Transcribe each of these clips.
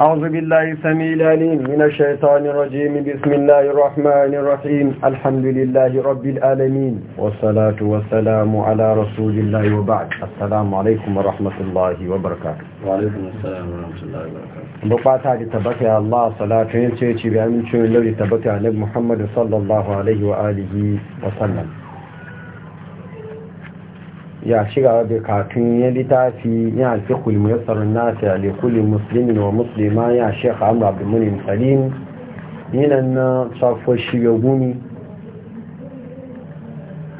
أعوذ بالله سميع العليم من الشيطان الرجيم بسم الله الرحمن الرحيم الحمد لله رب العالمين والصلاة والسلام على رسول الله وبعد السلام عليكم ورحمة الله وبركاته وعليكم السلام ورحمة الله وبركاته بقاتا لتبكي الله صلاة ينسيتي بأمن شو الذي تبكي على محمد صلى الله عليه وآله وسلم ya shiga da katun ya littafi ya fi kulmi ya tsarin nasa ya lekuli musulmin wa musulma ya shekha amur abdulmunin salim yanan na safo shiga gumi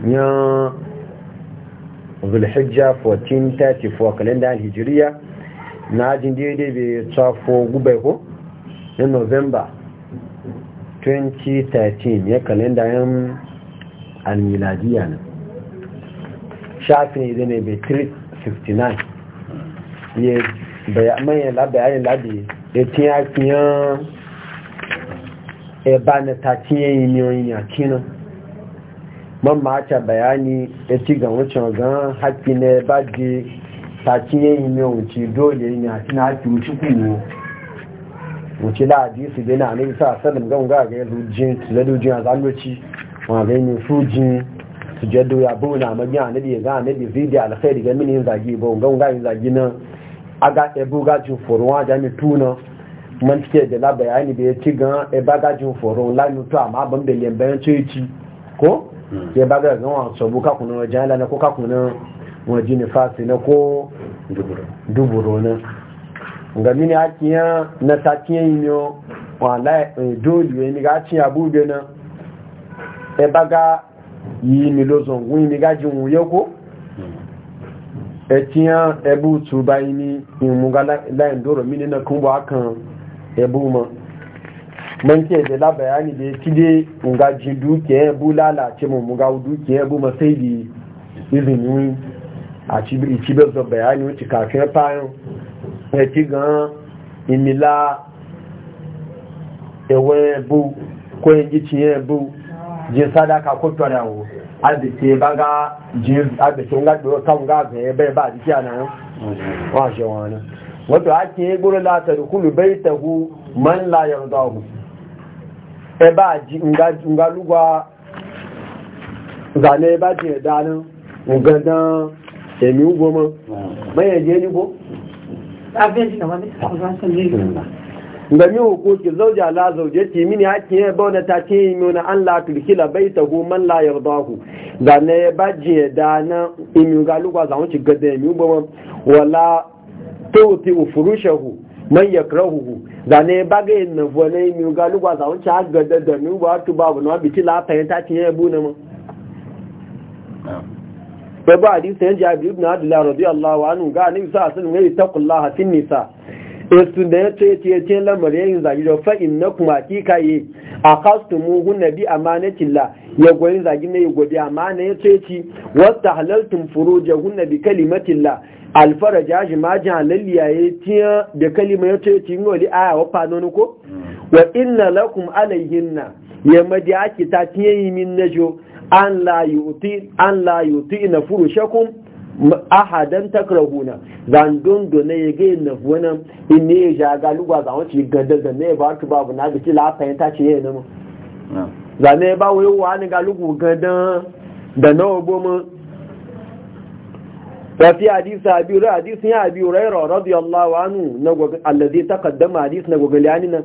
ya zulhijja 1434 kalendar hijiriya na ajin daidai bai safo gubai ko na november 2013 ya kalendar yan almiladiya na shafin zai ne bai 369 ya manyan labayanin labi ya tiya kiyan ba na ta tiye yi miyoyin yakinan man mata bayani ya ci ga wucin gan haƙi na ya ba je ta tiye yi miyoyin dole yi yakin haƙi wuce kuma wuce la'adi su dina a nisa a salim ga gaga ya zujin su a zaloci wa su sujin su jaddu ya bu na magiya na biya ga na biya zidi alkhairi ga mini zagi ba ga ga zagi nan aga e bu ga jin forwa da mi tuna man tike da la bayani da ya ci ga e ba ga jin forwa la mi to amma ban da lemban ce ci ko ya hmm. ba ga ga wa so bu ka kunu na jala na ko ka kunu wa jini fasi na ko duburo na ga mini akiya na takiyen yo wala eh, dole ne ga ci abu da na e ba ga Yi mi ló sọ wọ́n mi gájí wọ́n yẹ́ kó ẹ̀tíyàn ẹbú tó báyìí ní ìmúgá láì dọ́rọ̀ mí nínú kún bọ́ ákan ẹbú mọ́ da la bayani da ya ci dai nga ji dukiya bu lalace mu muga dukiya ya bu masai da izini a bayani wuce kafin ya fayin gan imila ewe bu ko yin gici ya je sadaka ko torawo albise baga je albise nga do kan ga be be ba ji ana wa je wana wato ake gura la ta rukulu baitahu man la yardahu e ba ji nga nga lugwa zane ba je danin ugadan emi ugoma mai je ni ko ma da wani sauran sun da gami hukuki zauja la zauje ce mini hakin ya bauna ta ce yi nuna an la turkila bai ta hu man la yarda hu da na ya baje da na imi ga lukwa za wuce gada ya miyu bawa wala ta wuti tauti ufurushahu man ya kira krahuhu da na ya baga yin na vuwa na imi ga lukwa za wuce har gada da miyu ba tu babu na biki la fahimta ta ce ya bu na ma. Babu hadisi ya ji Abdul Ibn Abdullah radiyallahu anhu ga annabi sallallahu alaihi wasallam ya yi taqullaha fin nisa' esu da ya ce ce ce lamar yayin zagi da fa'in na kuma kika yi a mu hunna bi amanatin la ya goyin zagi yi ya godi amana ya ce ci wata halaltun furuja hunna bi kalimatin la alfara jaji ma halalliya ya tiya da kalima ya ce yi wani aya wa fanonu ko wa inna lakum na ya madi ake ta tiye yi min jo an la yuti an la yuti na shakun ahadan takrahuna zan dondo ne ya ga yana wani inye ya ja galu ba zan wace gadda da ne ba ka babu na gaci lafayin ta ce ya nemo zan ne ba wani wa ni galu gadda da na ogbo mu wafi hadisi abiyu rai hadisi ya abiyu rai ra radiyallahu anu na gwagwa allazi ta kaddama hadisi na gwagwa liyani nan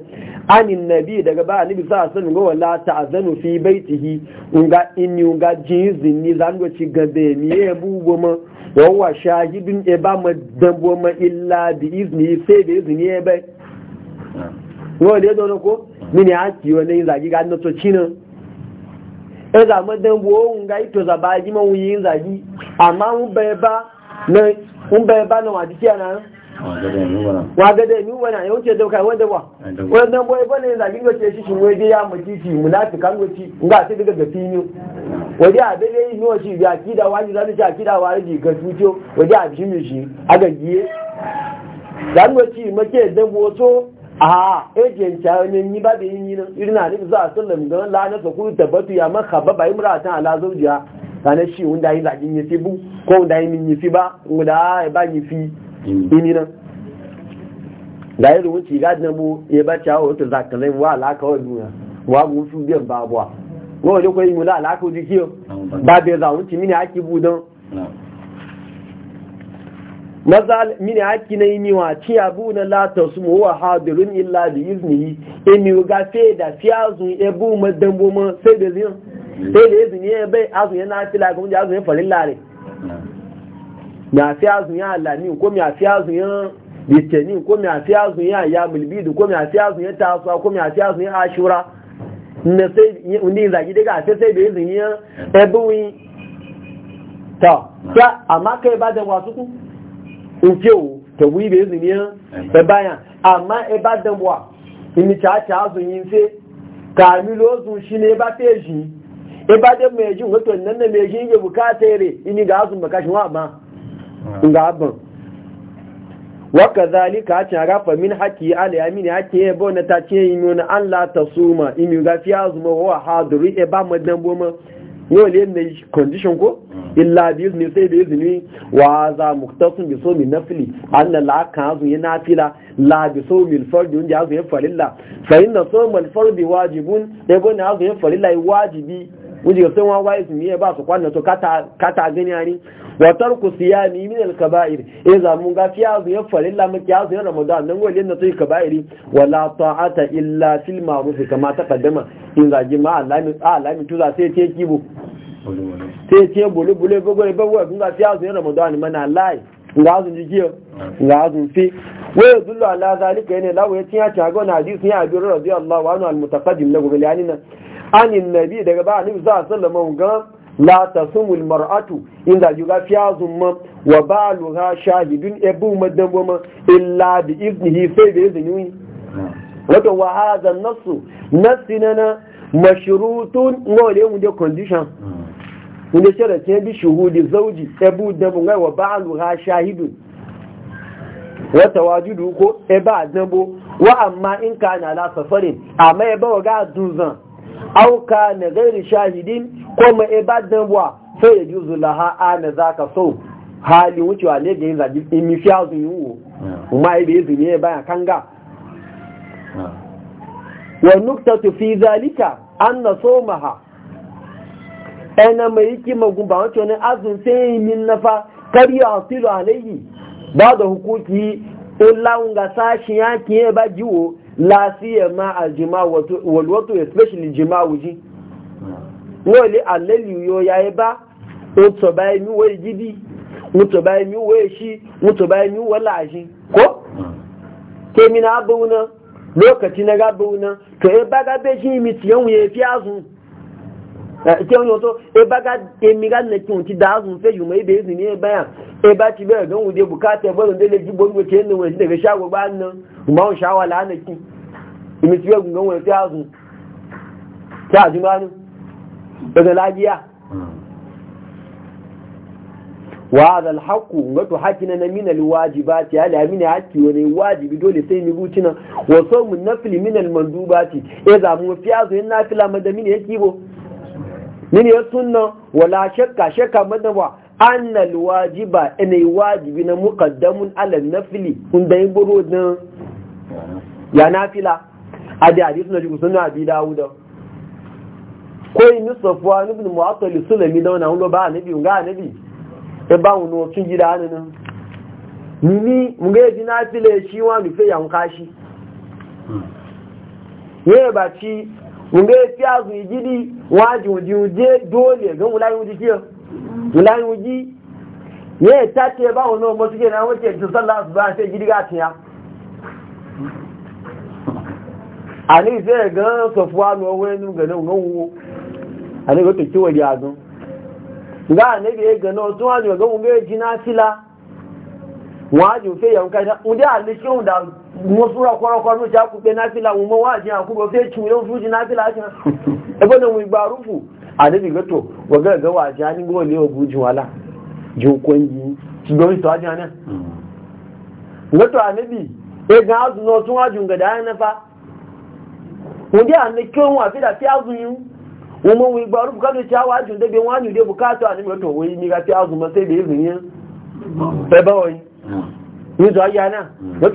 anin nabi daga ba nabi sa asan ga wala ta azanu fi baitihi nga inni nga jinzi ni zan gwaci gabe ni ya bu goma wawa shahidin e ba ma dambo ma illa bi izini sai da izini ya bai wọ́n lè dọ́nà kó mini a ti wọ́n lẹ́yìn zagi ga nọ́tọ̀ cínà ẹ zàmọ́ dambo ohun ga ito zaba yi ma wuyin zagi amma ń bẹ̀ẹ̀ bá na wà jíkẹ́ náà wa wagada yi wana ya wuce dauka wanda ba wannan boye bane da gingo ce shi shin waje ya muti shi munafikan wuci ga sai daga gafi ne waje a dade yi no shi ya kida wani zai ci kida wani ga tuto waje a shi mi shi aga giye dan wuci make da boto a ejen ta ne ni ba da yin yin irin na nabi za sallam ga la na ku batu ya man khababa imra'atan ala zawjiha kana shi wanda yi zagin yi bu ko wanda yi min yi ba wanda ba yi fi Mm. imina da yi rumunci ga dinamu ya bacci hawa wata zakalai wa alaka wa duniya wa gusu biyan babuwa wa wajen kwayi mula alaka wajen kiyo ba bai zaunci mini haki budon maza mini haki na imi wa ci abu na latar su mu wa hadirun illa da izini imi ga fe da fiyazun ebu madambo ma sai da ziyan mm. sai da izini ya bai azun ya na fila ga wunji azun ya farin lare mi àfi ya ala àlàní kó mi àfi azùn yẹn lìtẹ̀ní kó mi àfi azùn yẹn àyà mìlìbìdù kó mi àfi azùn yẹn taasọ kó mi àfi azùn yẹn aṣura ní ìzàgídé ká àti ṣẹ́bẹ̀ ìzùn yẹn ẹbí wọn tọ́ kí àmákẹ́ bá dẹ̀ wà sókú nké o tẹ̀wú ibẹ̀ ìzùn na ẹbá yẹn àmá ẹbá dẹ̀ wà ìmìtàtà azùn yẹn ga ngaban waka zalika a cin rafa min haki alayamin haki ya bau na ta ce yi nuna an lata su ma inu gafi ya zuma wa haduri e ba madan boma yau ne na condition ko illa biyu ne sai da izini wa za muktasun bi so na fili an na la'aka hazu ya nafila la bi so min fardi wanda hazu ya farilla fa inna so mal fardi wajibun ya e bau na hazu ya farilla wajibi wanda ya wa wa izini ya ba su kwanna to kata gani ani ku siya ni min al kaba'ir e eh, za mun ga fiya zu ya farilla mu kiya zu ramadan nan wali na tuyi kaba'iri wala ta'ata illa fil ma'ruf kama taqaddama in za ji ma ni tu za sai ce kibo sai ce bulu bulu bugu bugu kun ga fiya zu ramadan mana lai ga zu ji kiyo ga zu fi wa yadullu ala zalika yana lawo ya tiya ta ga na hadisi ya abi radiyallahu anhu al mutaqaddim lahu bil yanina anin nabi daga ba ni sallallahu alaihi wasallam ga la ta sumul mar'atu inda yuga fiyazun ma wa baluha shahidun ebu madan goma illa bi iznihi sai da izini wato wa nasu an nasu na mashrutun ngole mu de condition mun shara ke bi shuhudi zauji ebu da mun ga wa baluha shahidun wata wajudu ko eba adambo wa amma in kana na safarin amma eba ga dunzan auka na gairi shahidin ko ma ibadan e wa sai ya juzu laha ana zaka so hali wucewa ne ga yin zagi imi fiya zun yi wo kuma ibe yi zunye bayan kanga wa nuktatu fi zalika anna somaha ana mai yake magumba wancan ne azun sai yi min nafa kariya asilu alayhi ba da hukuki illa nga sashi yake ba jiwo lafiya ma aljima walwato especially jima wuji wọ́n lè alẹ́lì yóò ya ẹ bá ó tọ̀bá ẹmí wọ́n gidi mú tọ̀bá ẹmí wọ́n èṣí mú tọ̀bá ẹmí wọ́n láàájí kó kémi na abúrú náà lókàtí na gábúrú náà tó ẹ bá gábé sí imi tí fi azùn eh, e ba ti bẹ̀rẹ̀ gan wùdí bukata ẹgbọ́n ní lè jí nígbò tí ẹnu wọn sí ṣáwọ̀ bá ń nan ìmọ̀ràn ṣáwà lánàkí ìmì tí wẹ́gùn gan na ba ti dole sai mi guci na wasu eh, mu nafili minal mandu ba ti za fi ya sunna wala shakka shakka madaba annal wajiba ina wajibi na muqaddamun ala nafli kun dai buru din ya nafila adi hadith na jikusun na abi dawuda ko inu safwan ibn mu'attal sulami da wannan lo ba annabi ga annabi e ba wono tun gida nan nini mun ga yi nafila shi wa mi fe yan kashi ye ba ci mun ga yi azu gidi wajin wajin je dole ga mulai wuji kiyo wùláyìn wùjí yẹ́ ìta tí ẹ báwọn náà mọ́síkè náà wọ́n tẹ̀ tún sọ́lá àṣùgbà ṣe gírígà tí a àní ìṣẹ́ ẹ̀gán sọ̀fọ́ àmì ọwọ́ ẹnu gẹ̀ẹ́nà ògbówó àní ìgbẹ́ tòkí wẹ̀dì àgán ìgbà àníbi ẹ̀gán náà tún àjò ẹ̀gán wọn méjì náà sílá wọn àjò fẹ́ yẹ̀wò ń dé àlè ṣé òun mo fúra kọ́rọ́kọ́ ló ṣe àkúpẹ́ náà sílá wọn mọ́ wá àjẹ́ àkúpẹ́ fẹ́ tù yẹn fún àdébì ga wọ́gẹ́gẹ́ wà jẹ́ nígbò ní ogun jù wà láà jù kò ń yí ṣùgbọ́n ìtọ́ ajá náà gbẹ́tò hmm. àdébì egan azù náà tún wájú gẹ̀dẹ̀ ayẹ́nẹ́fà wọ́n dí àmì kí ohun àfídà tí azù yìí wọ́n mọ́ wọn ìgbà orúkọ tó ti àwájú débi wọ́n á nìdé bukátọ̀ àdébì gbẹ́tò wọ́n yí nígbà tí azù ta tẹ́lẹ̀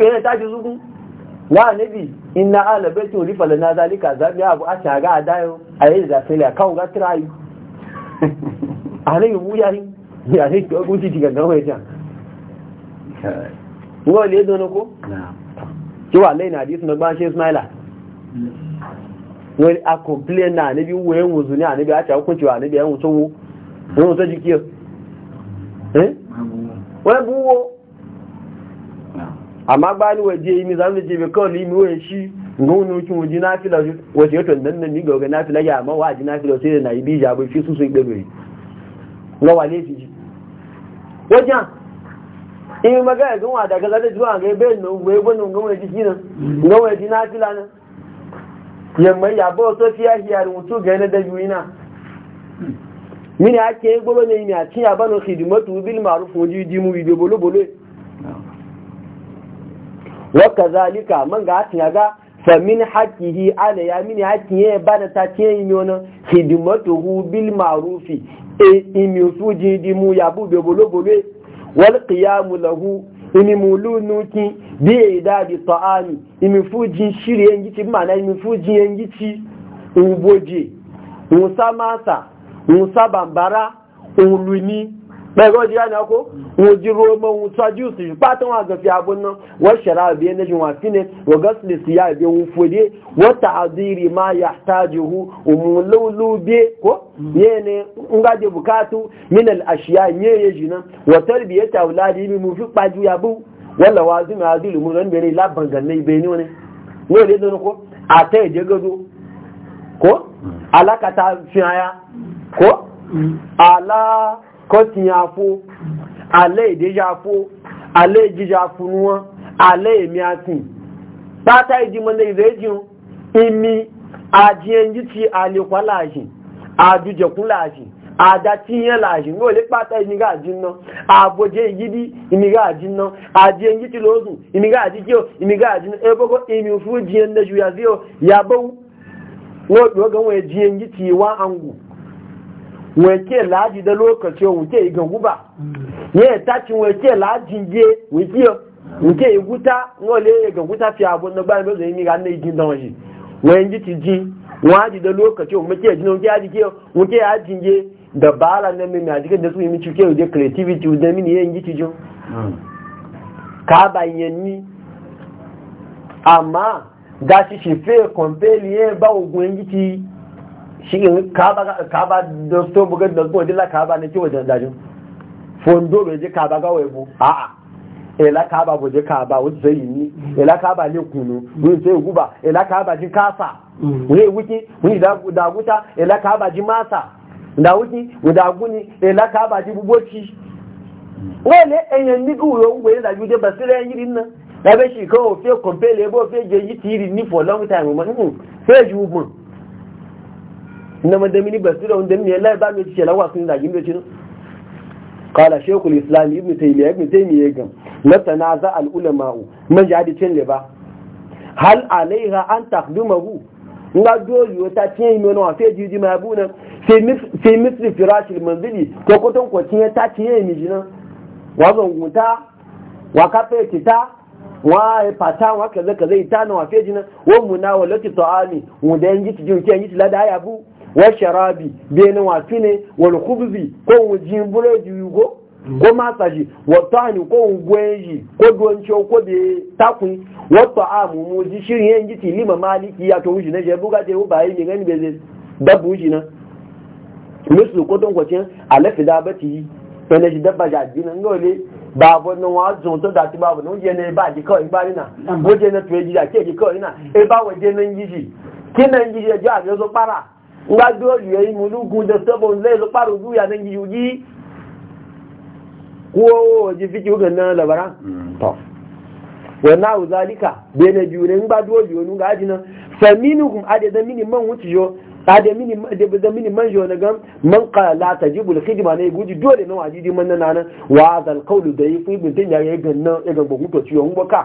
èèyàn na nabi inna ala baitu rifa lana zalika zabi abu asha ga a ayi da sai la kawo ga tirayi anabi buya ni ya ne to guti diga ga wai ta wo le do ko na ki wa le na di sun ba she ismaila wai a complain na nabi wo yan wuzu ni anabi acha hukunci wa anabi yan wuzo wo wo to jiki eh wai buwo amma ba waje yi mi zamu je be kawai mi waye shi ngon nu kin waje na fila waje to nan nan mi ga ga na fila ya amma waje na sai na yi bi ja bai fi su su dabe ga wale fi ji wajen in magana ga wada ga zai zuwa ga bai nan wai gwanin ga waje kina ga waje na fila nan yamma ya ba so fiya hiya rutu ga na da yuina mini ake gboro ne ni a tiya banu khidmatu bil ma'ruf wajidimu bi bolo bolo wa zalika man ga ya ga fa min haqqihi ala ya min haqqi ya bana ta ce yin yono khidmatuhu bil ma'rufi e imi usuji di mu ya bu be bolo bolo e. wal qiyam lahu imi mulunu ki bi idadi e ta'ami imi fuji shiri yangi ma mana imi fuji yin ti uboje musamasa musabambara uluni ɓaga ji yana ko wuji roma wuta juice shi fatan wa gafi abun nan wa shara biye na jin wafi ne wa gasli siya biye wufude wa ta'adiri ma ya tajihu umululu biye ko ye ne in gaje bukatu min al ashiya ne ye jinan wa tarbiyata auladi bi mu fi paju ya bu wala wazim adil mu ran bere la banganne be ni ne ko ko fi aya ko ala kọ́tì yẹn afó alẹ́ ìdíjà afó alẹ́ ìjíjà afunu wọn alẹ́ èmi àtìn pátá ìdímọ̀lẹ́ ìrẹ́jìun imi àjíẹnjú ti àlèkwá láàṣìn àdújẹkún láàṣìn àdátíyàn láàṣìn ní olè pátá ìnigá àbòjẹ́ ìyídí ìnigá imi wake laji da lokaci wuke igan guba ya tacin wake laji je wuke wuke iguta ngole igan guta fi abun na ba mezo ga nei jin don wen ji ti ji waji da lokaci wuke jin wuke aji ke wuke aji je da bala na mi na jikin da su mi cike wuke creativity da mi ne yin ti jo ka ba yen ni amma gashi shi fe compel ye ba ogun yin ti shi in kaba da sto bugan da ko dilla kaba ne kiwo da dajin fondo be je kaba ga webu a a ela kaba bo je kaba wuce sai yi ni ela kaba ne kunu wuce sai guba ela kaba ji kasa mm. wuce wuce wuce da da guta ela kaba ji masa da wuce da guni ela kaba ji buboci wale eyan ni ku yo we da jude basire yin Na da be shi ko fe compare le bo fe je yi tiri ni for long time mo hmm, fe ju mo na madamini basira wanda ne Allah ba mai cikin lawa sun da gimbe cin qala shaykhul islam ibn taymiyyah ibn taymiyyah gam la tanaza al ulama man jadi cin le ba hal alaiha an taqdimahu nga dole wata yi mai nawa sai jiji abu nan sai misri firashil manzili ko koton kwacin ya ta yi miji nan wa zanguta wa kafe kita wa fata wa kaza kaza ita na wa fejina wa muna wa lati ta'ami mu da yanji tijin ki yanji tilada ya bu wa sharabi bene wa fine wal khubzi ko wujin burodi yugo ko masaji wa tani ko ngweji ko doncho ko be takun wa ta'amu muji shirin yanji ti lima maliki ya to wuji na je buga je ubayi ne ngani beze dabu wuji na mislu ko don kwacin alafi dabati ene ji dabba jajina ngole babu nan wa zo to dati babu nan je ne ba ji kawai ba ni na bo je na tuwe ji da ke ji kawai na e ba wa je na ji ji kinan ji je ja ga zo para nga dole yayi eh, mulugu da sabon zai zo faru zuya nan yuji ko ji fiki ga nan labara mm. to wana na bene jure ngba dole yonu ga na faminukum adada mini man wuci yo ada mini da da mini na gam man dole na wa azal da ya ga nan ya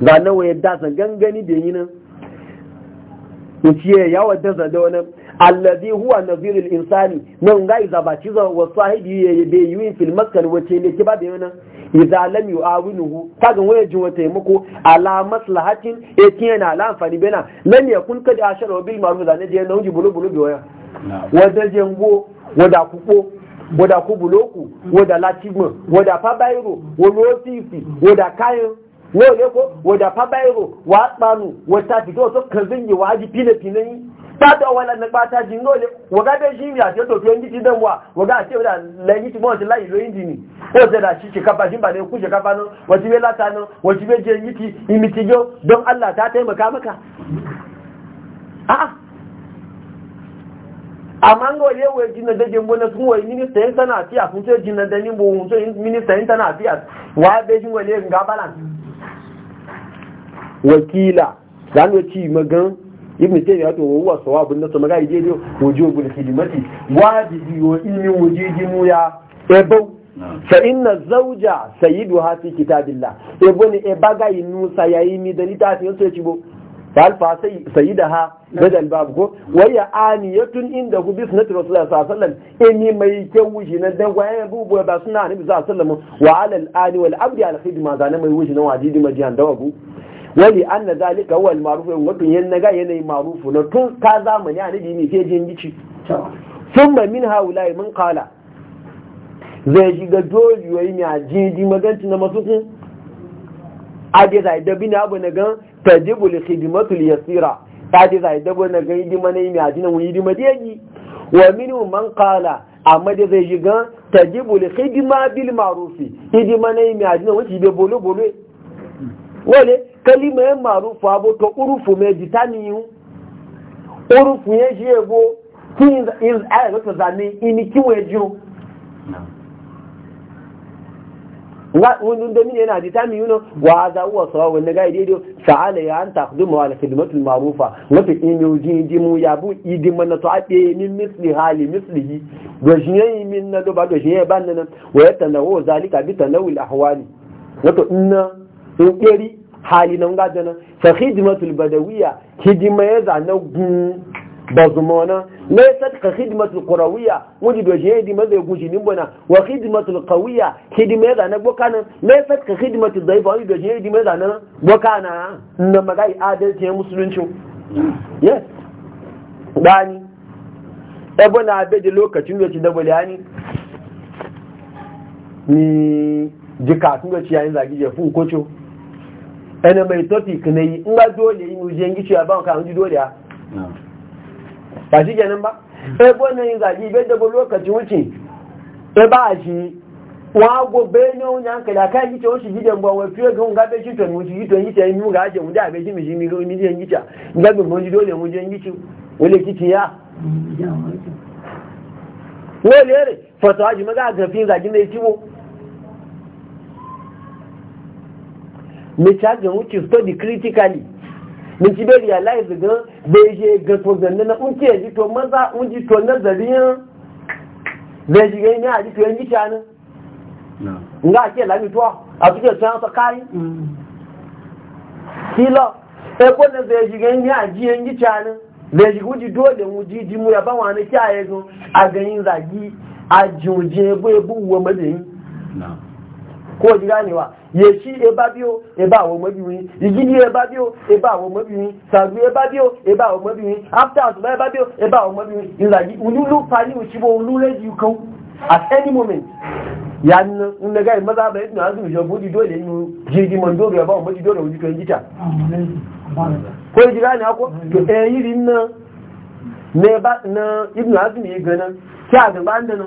zanen wa yadda sa gangani da yi nan wuce ya wadda sa da wani allazi huwa nazirul insani nan ga iza ba ci za wa sahibi ya be yi fil maskal wace ne ki ba da yana iza lam yu'awinuhu kaga waya ji wata mako ala maslahatin e kiyana ala amfani bena lam yakun kad ashara bil ma'ruf ne da yana wuji bulu bulu bi waya wadda jengo wadda kuko wadda kubuloku wadda latigman wadda fabairo wadda osifi wadda kayan na ole kó wọ́dà fábáyìrò wà á panu wọ́tà tìtọ́ tó kẹ̀sìn yìí wà á di pínlẹ̀pínlẹ̀ yìí pátá na lẹ́nu pátá jì ń lọ́lẹ̀ wọ́gá bẹ́ẹ̀ sí ìrìn àti ètò tó ń dí ti dán wà wọ́gá àti ìrìn lẹ́yìn tí wọ́n ti láyìí lóyìn dì ní ó ṣẹlẹ̀ àti ṣèkápa sí ìbàdàn kú náà wọ́n ti wé láta náà wọ́n ti wé jẹ ti ti don allah ta tẹ́ mọ̀ká mọ́ká. àmọ́ ń mínísítà tó mínísítà wakila da zanu ci magan ibn taymiya to wa sawabun nasu maga ide ne wujubul khidmati wajibi wa ilmi wujidi mu ya ebo fa inna zawja sayyiduha fi kitabillah ebo ne e baga inu sayayi mi da litafi yaso ci bo fal fa sayyidaha badal bab wa ya aniyatun inda hu bi sunnati rasulullah sallallahu alaihi wasallam eni mai kewuji na da gwaye bu bu ba sunna annabi sallallahu alaihi wasallam wa ala al ali wal abdi al khidma zana mai wuji na wajibi majihan dawagu wani an na zalika wal marufu in wato yan naga yanayi marufu na tun ka zamani a nabi ne sai jin gici sun ba min haula mun kala zai shiga dojiyoyi ne a jidi maganci na masu kun a je zai dabi na abu na gan tajibul khidmatul yasira ta je zai dabi na gan hidima na yi mai ajinan wani hidima daji wa minu man kala amma da zai shiga tajibul khidma bil marufi hidima na yi mai ajinan wani shi bai bolo bolo wale kalima ya marufu abu to urufu mai jitaniyu urufu ya shi yabo in aya zata zane ini jiro nga wani da mini yana wa za uwa sawa wani ga sa'ala ya an ma'rufa mafi imi jindi mu ya bu idi mana to abe min misli hali min na ban nan wa zalika bi tanawul ahwali wato in hali na nga dana fa khidmatul badawiya hidima ya za na gun bazumona ne sat ka khidmatul qurawiya wudi do jedi ma zai guji nin bana wa khidmatul qawiya hidima ya za na bokana ne sat ka khidmatul dhaifa wudi do jedi ma za na bokana na magai adalci ya musulunci yes dani ebo na abeje lokacin da ci da bulani ni jika tun da ci yayin zagi je fu kocho ẹni mai topic na yi nga dole yi ujiyen gishi a banka an dole ya ba shi kenan ba ebo na yin zagi bai dabo lokacin wuce e ba shi wa gobe ne wani hankali a kayan gice wasu gidan ba wa fiye ga nga shi to wuce gito yi ta yi mu aje mu da bai shi mi shi mi ga mi jiyan gice nga bai mu mm, ji dole mu jiyan gice wale kici ya wale yare fata haji maga a gafin zagin da ya ciwo mi charge wuce study critically mi ci bai realize gan bai je ga na unke maza unji to nazarin zai ji gani a ji to yanki cana nga ke lami to a tuke san ta kai kilo e ko na zai ji gani cana zai ji dole mu ji mu ya ba wani kiyaye go a ganin zagi a juje ko ji ganewa ya shi e ba biyo e ba wa mabiyoyi igini e ba biyo e ba wa mabiyoyi sabu e ba biyo e ba wa mabiyoyi after asuba e ba biyo e ba wa mabiyoyi in zagi ululu fani wuci bo ulule ji kau at any moment ya nna nna ga maza ba yadda azu jo budi dole ni jigi man dole ba mu dole to ko ji ko to na ne na ibnu azmi ganan kya ga nan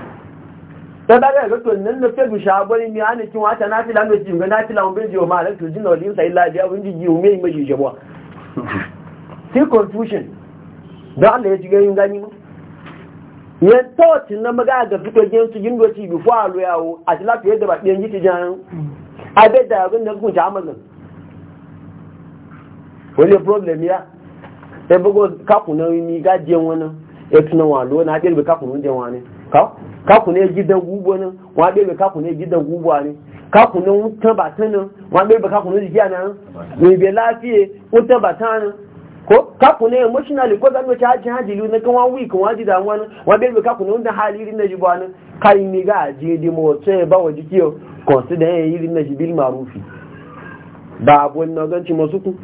sai ba ga to nan na fe bisha bari mi ana kin wata na fi lamu jin ga na fi lamu bin ma ran to jin wali sai la biya bin jiwa mai shi jabo sai confusion da Allah ya ji ganin gani mu ya na maga ga fito gen su jin bi fa lo yawo a ti lafiya da ba ɗiyan yi tijan a bai da abin da kun ta wani problem ya sai bugo ni gajiyan wani ya tunan walo na ɗirbi kakunan jan wani kawo kakune gidan gubo nan wa bebe kakune gidan gubo ne kakune wutan batan nan wa bebe kakune jiya nan ne be lafiye wutan batan nan ko kakune emotionally ko zan ci haji haji lu na kan wa week wa ji damuwa nan wa bebe kakune wutan haliri na jibo nan kai ni ga je di mo ce ba wa jikiyo consider yiri na jibil marufi ba abun na ganci masu ku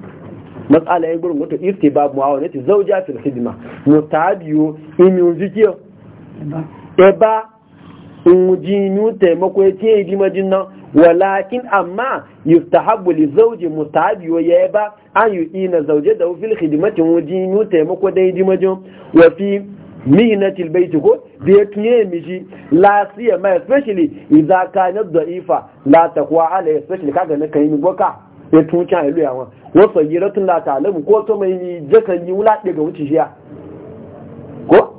matsala ya gurin wata irti babu ma'aunati zauja fil khidma mutabiyo in yunjikiyo eba ujinu taimako ya ce yi majin nan walakin amma yustahabbu li zawji mustahabi wa yaba an yu'ina zauje da fil khidmati ujinu taimako dai yi majin wa fi mihnati albayt ko da ya tunye miji la siya ma especially idza kana da'ifa la taqwa ala especially kaga na kai ni boka ya tunce a ilu yawan wasu giratun la ta'lamu ko to mai jaka yi wula daga wuce shiya ko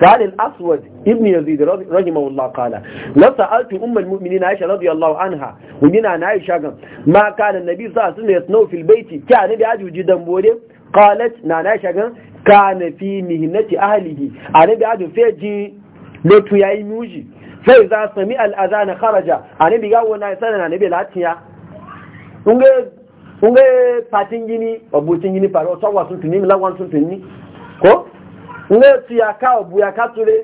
فعن الأسود ابن يزيد رحمه الله قال لو سألت أم المؤمنين عائشة رضي الله عنها ومن عن عائشة ما كان النبي صلى الله عليه وسلم في البيت كان النبي بيعجو جدا بوري قالت نانا نعم، عائشة كان في مهنة أهله النبي أنا في فيجي لتو يأي موجي فإذا سمع الأذان خرج أنا بيقاو نايسانا أنا بيلاتيا unge ونجي gini obutin gini paro so wasun tuni lawan sun tuni ko nlẹ́tù yàká ọ̀bù yàká túnlé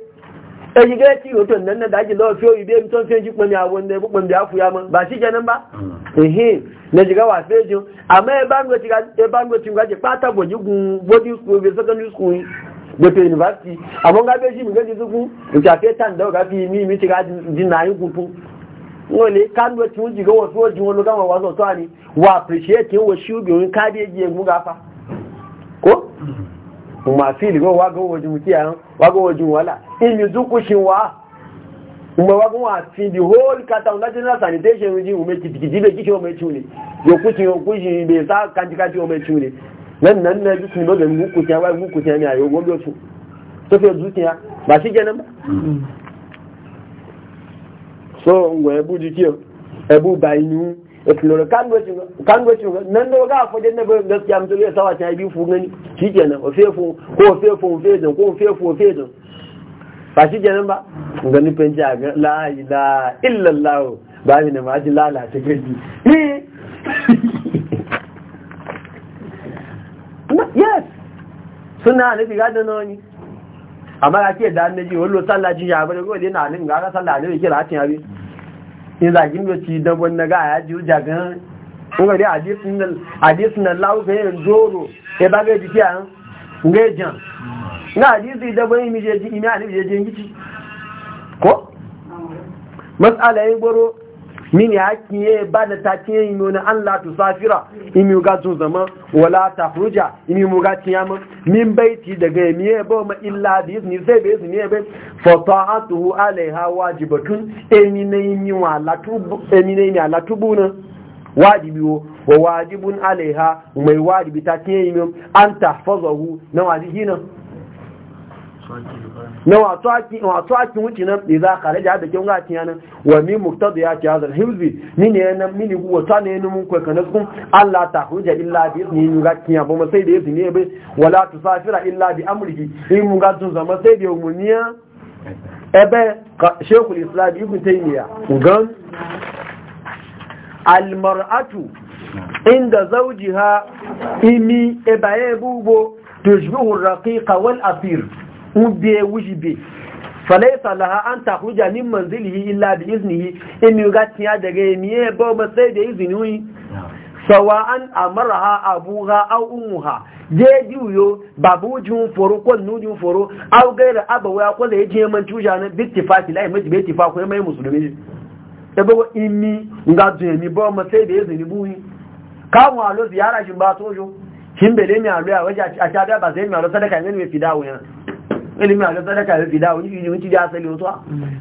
èyí gẹ́ẹ̀tì ìròtò nẹ́nẹ́ dájì lọ́wọ́ fí òyìnbé mi tó ń fẹ́jú pẹ̀mí àwọn ẹ̀bú pẹ̀mí àfúyà mọ́ bà nọ́mbà ìhìn nàìjíríà wà fẹ́jú àmọ́ ẹbángbẹ̀tì secondary school university ma fi ligo wago waju mutiya wago waju wala imi zuku shinwa umma wago wa fi the whole kata on national sanitation ji ume kitikiti be kicho ume chuni yo kuchi yo kuchi be sa kanji kanji ume chuni nan nan na ji sun boga mu kuci wa mu kuci ne ayo gobe su to fe zuciya ba shi kenan ba so ngwe buji kiyo ebu bayinu ikilori kangocin nan da ga fadin na bayan gaskiya mutum ya sawa ta biyu fu gani shi kenan ofefu ko ofefu ofezin ko ofefu ofezin ba shi kenan ba gani fenci a la'ayi da illallahu ba shi ne ma shi lalata gaji yes suna nufi gadon wani amma ake da annabi wallo sallaci ya bari gole na halin ga aka sallaci ne kira hatin abin in zagin da ci dabon na a yaji hujja gan kuma dai hadisun zoro ya e ba ga jiki a jan na hadisi dabon imi je ji imi a nufi je gici ko matsala yin goro mini ya kiye ba da ta ce yi nuna an la tu safira in mi ga tun zama wala ta huja in mi muga tiya ma min baiti daga mi ye ba ma illa bi izni sai bi izni be fa ta'atuhu alaiha wajibatun emi ne mi wa la tu emi ne mi ala tu buna wajibi wo wa wajibun alaiha mai wajibi ta ce yi min an tahfazahu na wajibi na na wato akin wuce nan da za a kare da haɗaƙin ga yanar wa mi da ya ce hazar hilzi ni ne nan, mini ta ne yanin numun kwa kanar sun allah ta hujja illa bi ni yin ga kin yabo sai da ya ne bai wala ta safira illa bi amurki in mun ga zama sai da yawmuniya ebe shekul islam ibn taymiya gan almar'atu inda zawjiha imi ebaye bubo tushbihu raqiqa wal asir ube wujibe falaisa laha an takhruja min manzilihi illa bi iznihi in mi ga tiya daga mi e eh, ba ba sai da izini yi sawa'an amaraha abuha aw ummuha je diyo babu jun foro ko nujun foro aw gaira abawa ko da yaje man tuja na bittifaqi la mai bittifaqi mai musulmi e eh, ba imi nga dun mi ba ma sai da izini buyi ka mu alo ziyara shin ba tojo kin bele mi alo ya waje a ta da ba sai mi alo sadaka ne mi fidawo yana ilimi a kasar da kayan fida wani ilimin ci da asali wasu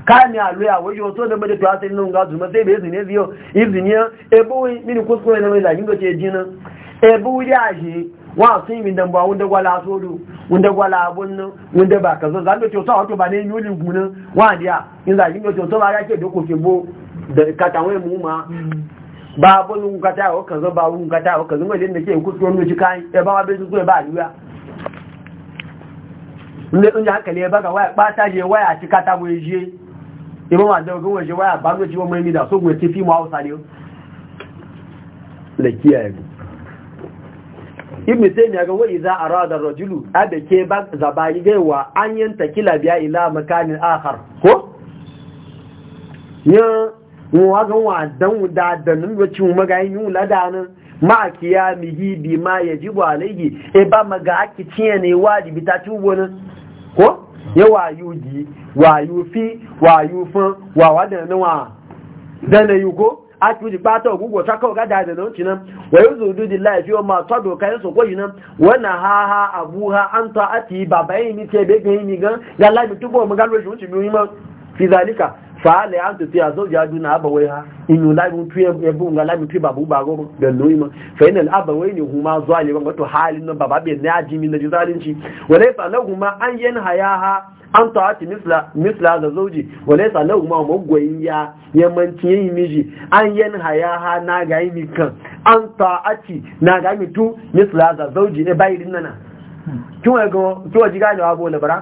ka ne a loya wajen wasu da bada tuwa asali nan gazu sai bai zine biyo izini ya ebe wani mini kuskure na mai zagin da jinin ebe wuri a shi wa sun yi min ba wanda gwala sodo wanda gwala abun nan wanda ba ka zo zan ce wato ba ne yi yuli gunin wa diya in zagin da wato ba ya ke bo da katawai mu ma ba abun kata wa kazo ba abun kata wa kazo da ke kuskure ne ci kayan ya ba wa bai kuskure ba a yiwuwa inda tsunji hankali ya baka waya bata je waya a cika ta goye je ibo ma da gowa je waya ba goci wa mai da so goye ti fi mu hausa ne da kiya mu ibi sai ya ga wa idza arada rajulu ke ba ga wa an yanta kila biya ila makanin akhar ko ya wa ga wa dan da dan wacin magayin yula da nan ma mihi bi ma yajibu alayhi e ba maga akici ne wajibi ta tubo nan ko ya wayu ji wayu fi wayu fun wa wadannan wa dana yi ko a ti wuce pata ogugo ta kawo gada da nauci na. wa yi zudu di laifi wa masu tado kayan su kwaji nan wani ha ha abu ha anta ati baba babayi ni ce bai gani ni gan ya laifi tubo mu galo shi wuce biyu yi ma a àtòtí àzọ́jájú na àbàwẹ́ ha inú láìmú tí ẹbùn ya láìmú tí bàbú bàgọ́ gẹ̀lú ìmọ̀ fẹ́ẹ̀nà àbàwẹ́ ni hùn máa zọ́ àlẹ́wọ́n gọ́tọ̀ hálì náà bàbá bẹ̀ na jùsálínci wọ́n lẹ́fà lẹ́hùn máa an yẹn haya ha an tọ́ àti ya yamanci yayin miji an yẹn haya ha na ga yi kan an tọ́ na ga yi tu ne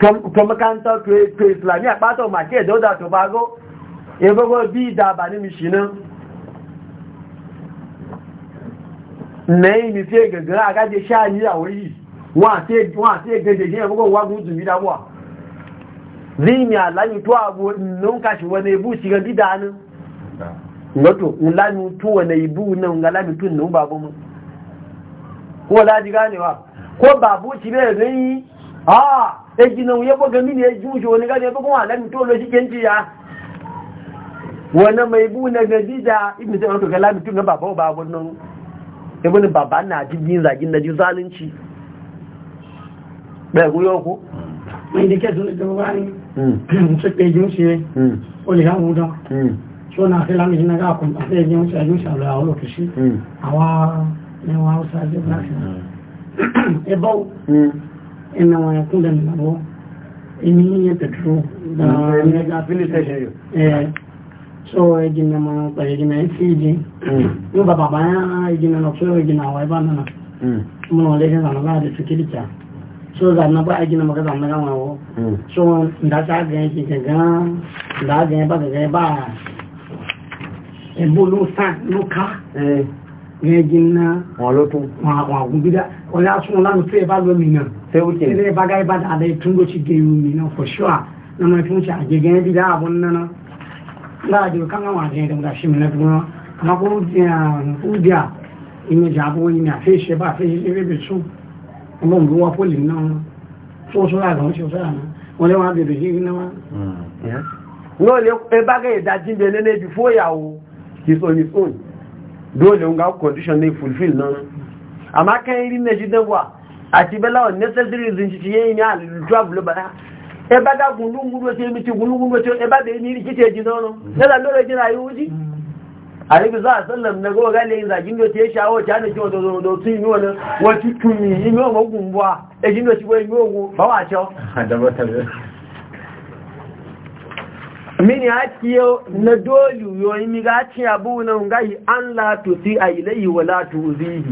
to makaranta to islamiyya ɓata ma ke dauda to bago ya bago bi da ba ni na yi mi fiye gagara a gaje sha ni a wuri wa fiye gaje ya bago wa gudu mi damuwa abu wani ibu bi da wani ibu tun ko ladi ganewa ko babu shi ne zai yi a ejina wuye boga mini ya jujo wani gane boga wa alamin tolo shi kenci ya wani mai bu na gaji da ibn sai wato ga lamin tun ga baba ba wannan ibn baba na jibin zagin na ji zalunci bai goyo ko mai da ke zuwa da wani su ke jinsi wani ya muda so na fi lamin na ga kun sai jinsi a jinsi a lawa lokaci hmm. awa ne wa sa jibin na ebo إنما يكون النبو إني يتدفو so ejina ma pa ejina fiji ni baba ba ya ejina mm. no so ejina wa ba na mo no le na na de fikiri cha so da na ba ejina ma ka na ga wo mm. so nda sa ga ji ga nda ga ba ga ba e bo lu sa lu ka eh wa lo ba na sai wuce sai bagai ba da dai tungo ci ge mi no for sure na no tun ci age ge bi da abun ji kan wa ge da shi mi na na ko dia ku dia in ja bo yi na fe she ba fe she be su mo mo wa poli na so so la don so so na wọ́n lé wọn bèbè yìí náà wọ́n. náà lè da jin ìdájí ne lẹ́lẹ́ ibi fún ìyàwó his on his own dóòlù ń ga condition ní fulfill náà àmá kẹ́rin rí nẹ́jí dẹ́wàá àti bẹ́láwọ̀ necessary reason ti yẹ́ ní àlùdúwàbù ló bàdá ẹbá dágùn ló múrú ẹtí ẹmí ti gùn lúgùn ló tí ẹbá bẹ̀rẹ̀ ní ìrìkítì mini ya ciyo na dole yoyi mi ga ci abu na ngai an la to si a ilayi wa la to zihi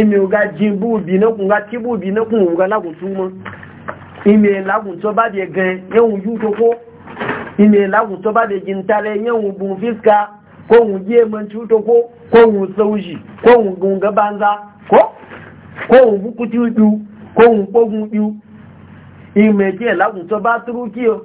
imi ga jimbu bi na kun ga bu bi na kun ga la kun tuma imi la kun to ba de gan yawun yu to ko imi la kun to ba de jin tare yawun bun fiska ko mu je man ci to ko ko mu sauji ko mu gunga banza ko ko mu bukuti ju ko mu pogun ju imi ke la kun to ba turu kiyo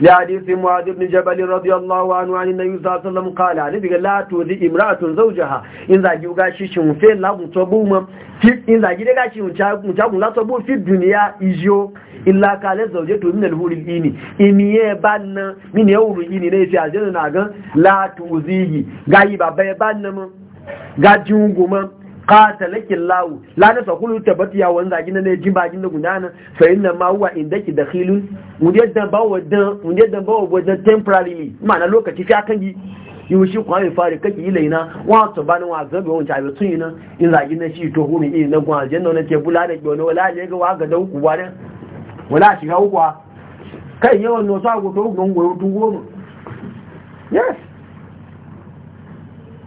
لحديث معاذ بن جبل رضي الله عنه عن النبي صلى الله عليه وسلم قال نبي لا تؤذي امرأة زوجها إن زاجي وغاشي شمفين لا مصبوما إن زاجي لغاشي مصابون لا صبو في الدنيا إجيو إلا قال زوجته من الهول الإيني إمي بان من يور الإيني ليس عزيزنا لا تؤذيه غايبا بيبان غاجي وغمان qatalakin lawu la ta sakulu tabatiya wani zagi na ne jibagin da gunana fa inna ma huwa indaki dakhilun mudiyaddan ba wadan mudiyaddan ba wadan temporarily mana lokaci fi akan yi yushi kwa mai fari kake yi laina wa to ba ni wa zabe won ta tun yi na in zagi na shi to hu in na gwa janna na ke bula da gbono wala ne ga wa ga da ku bare wala shi ga ku kai yawa no sa ku to gon go tu go yes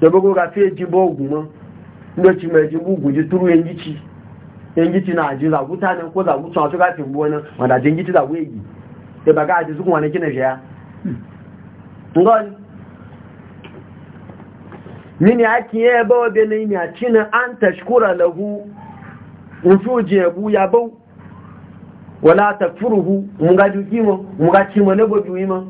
da bugo ga fi jibo ogun mo lokacin mai jibu guji turu yan gici yan gici na ji zagu ta ne ko zagu tsawa e su gafin buwa nan wanda jin gici zagu ya da ya baga aji su wani na kina shaya ngon nini aki ya yaba wa benin ya cinin an ta tashkura lahu wufi yabu ya bau wala ta takfuruhu mun ga duki mo mun ga cima ne bo duyi mu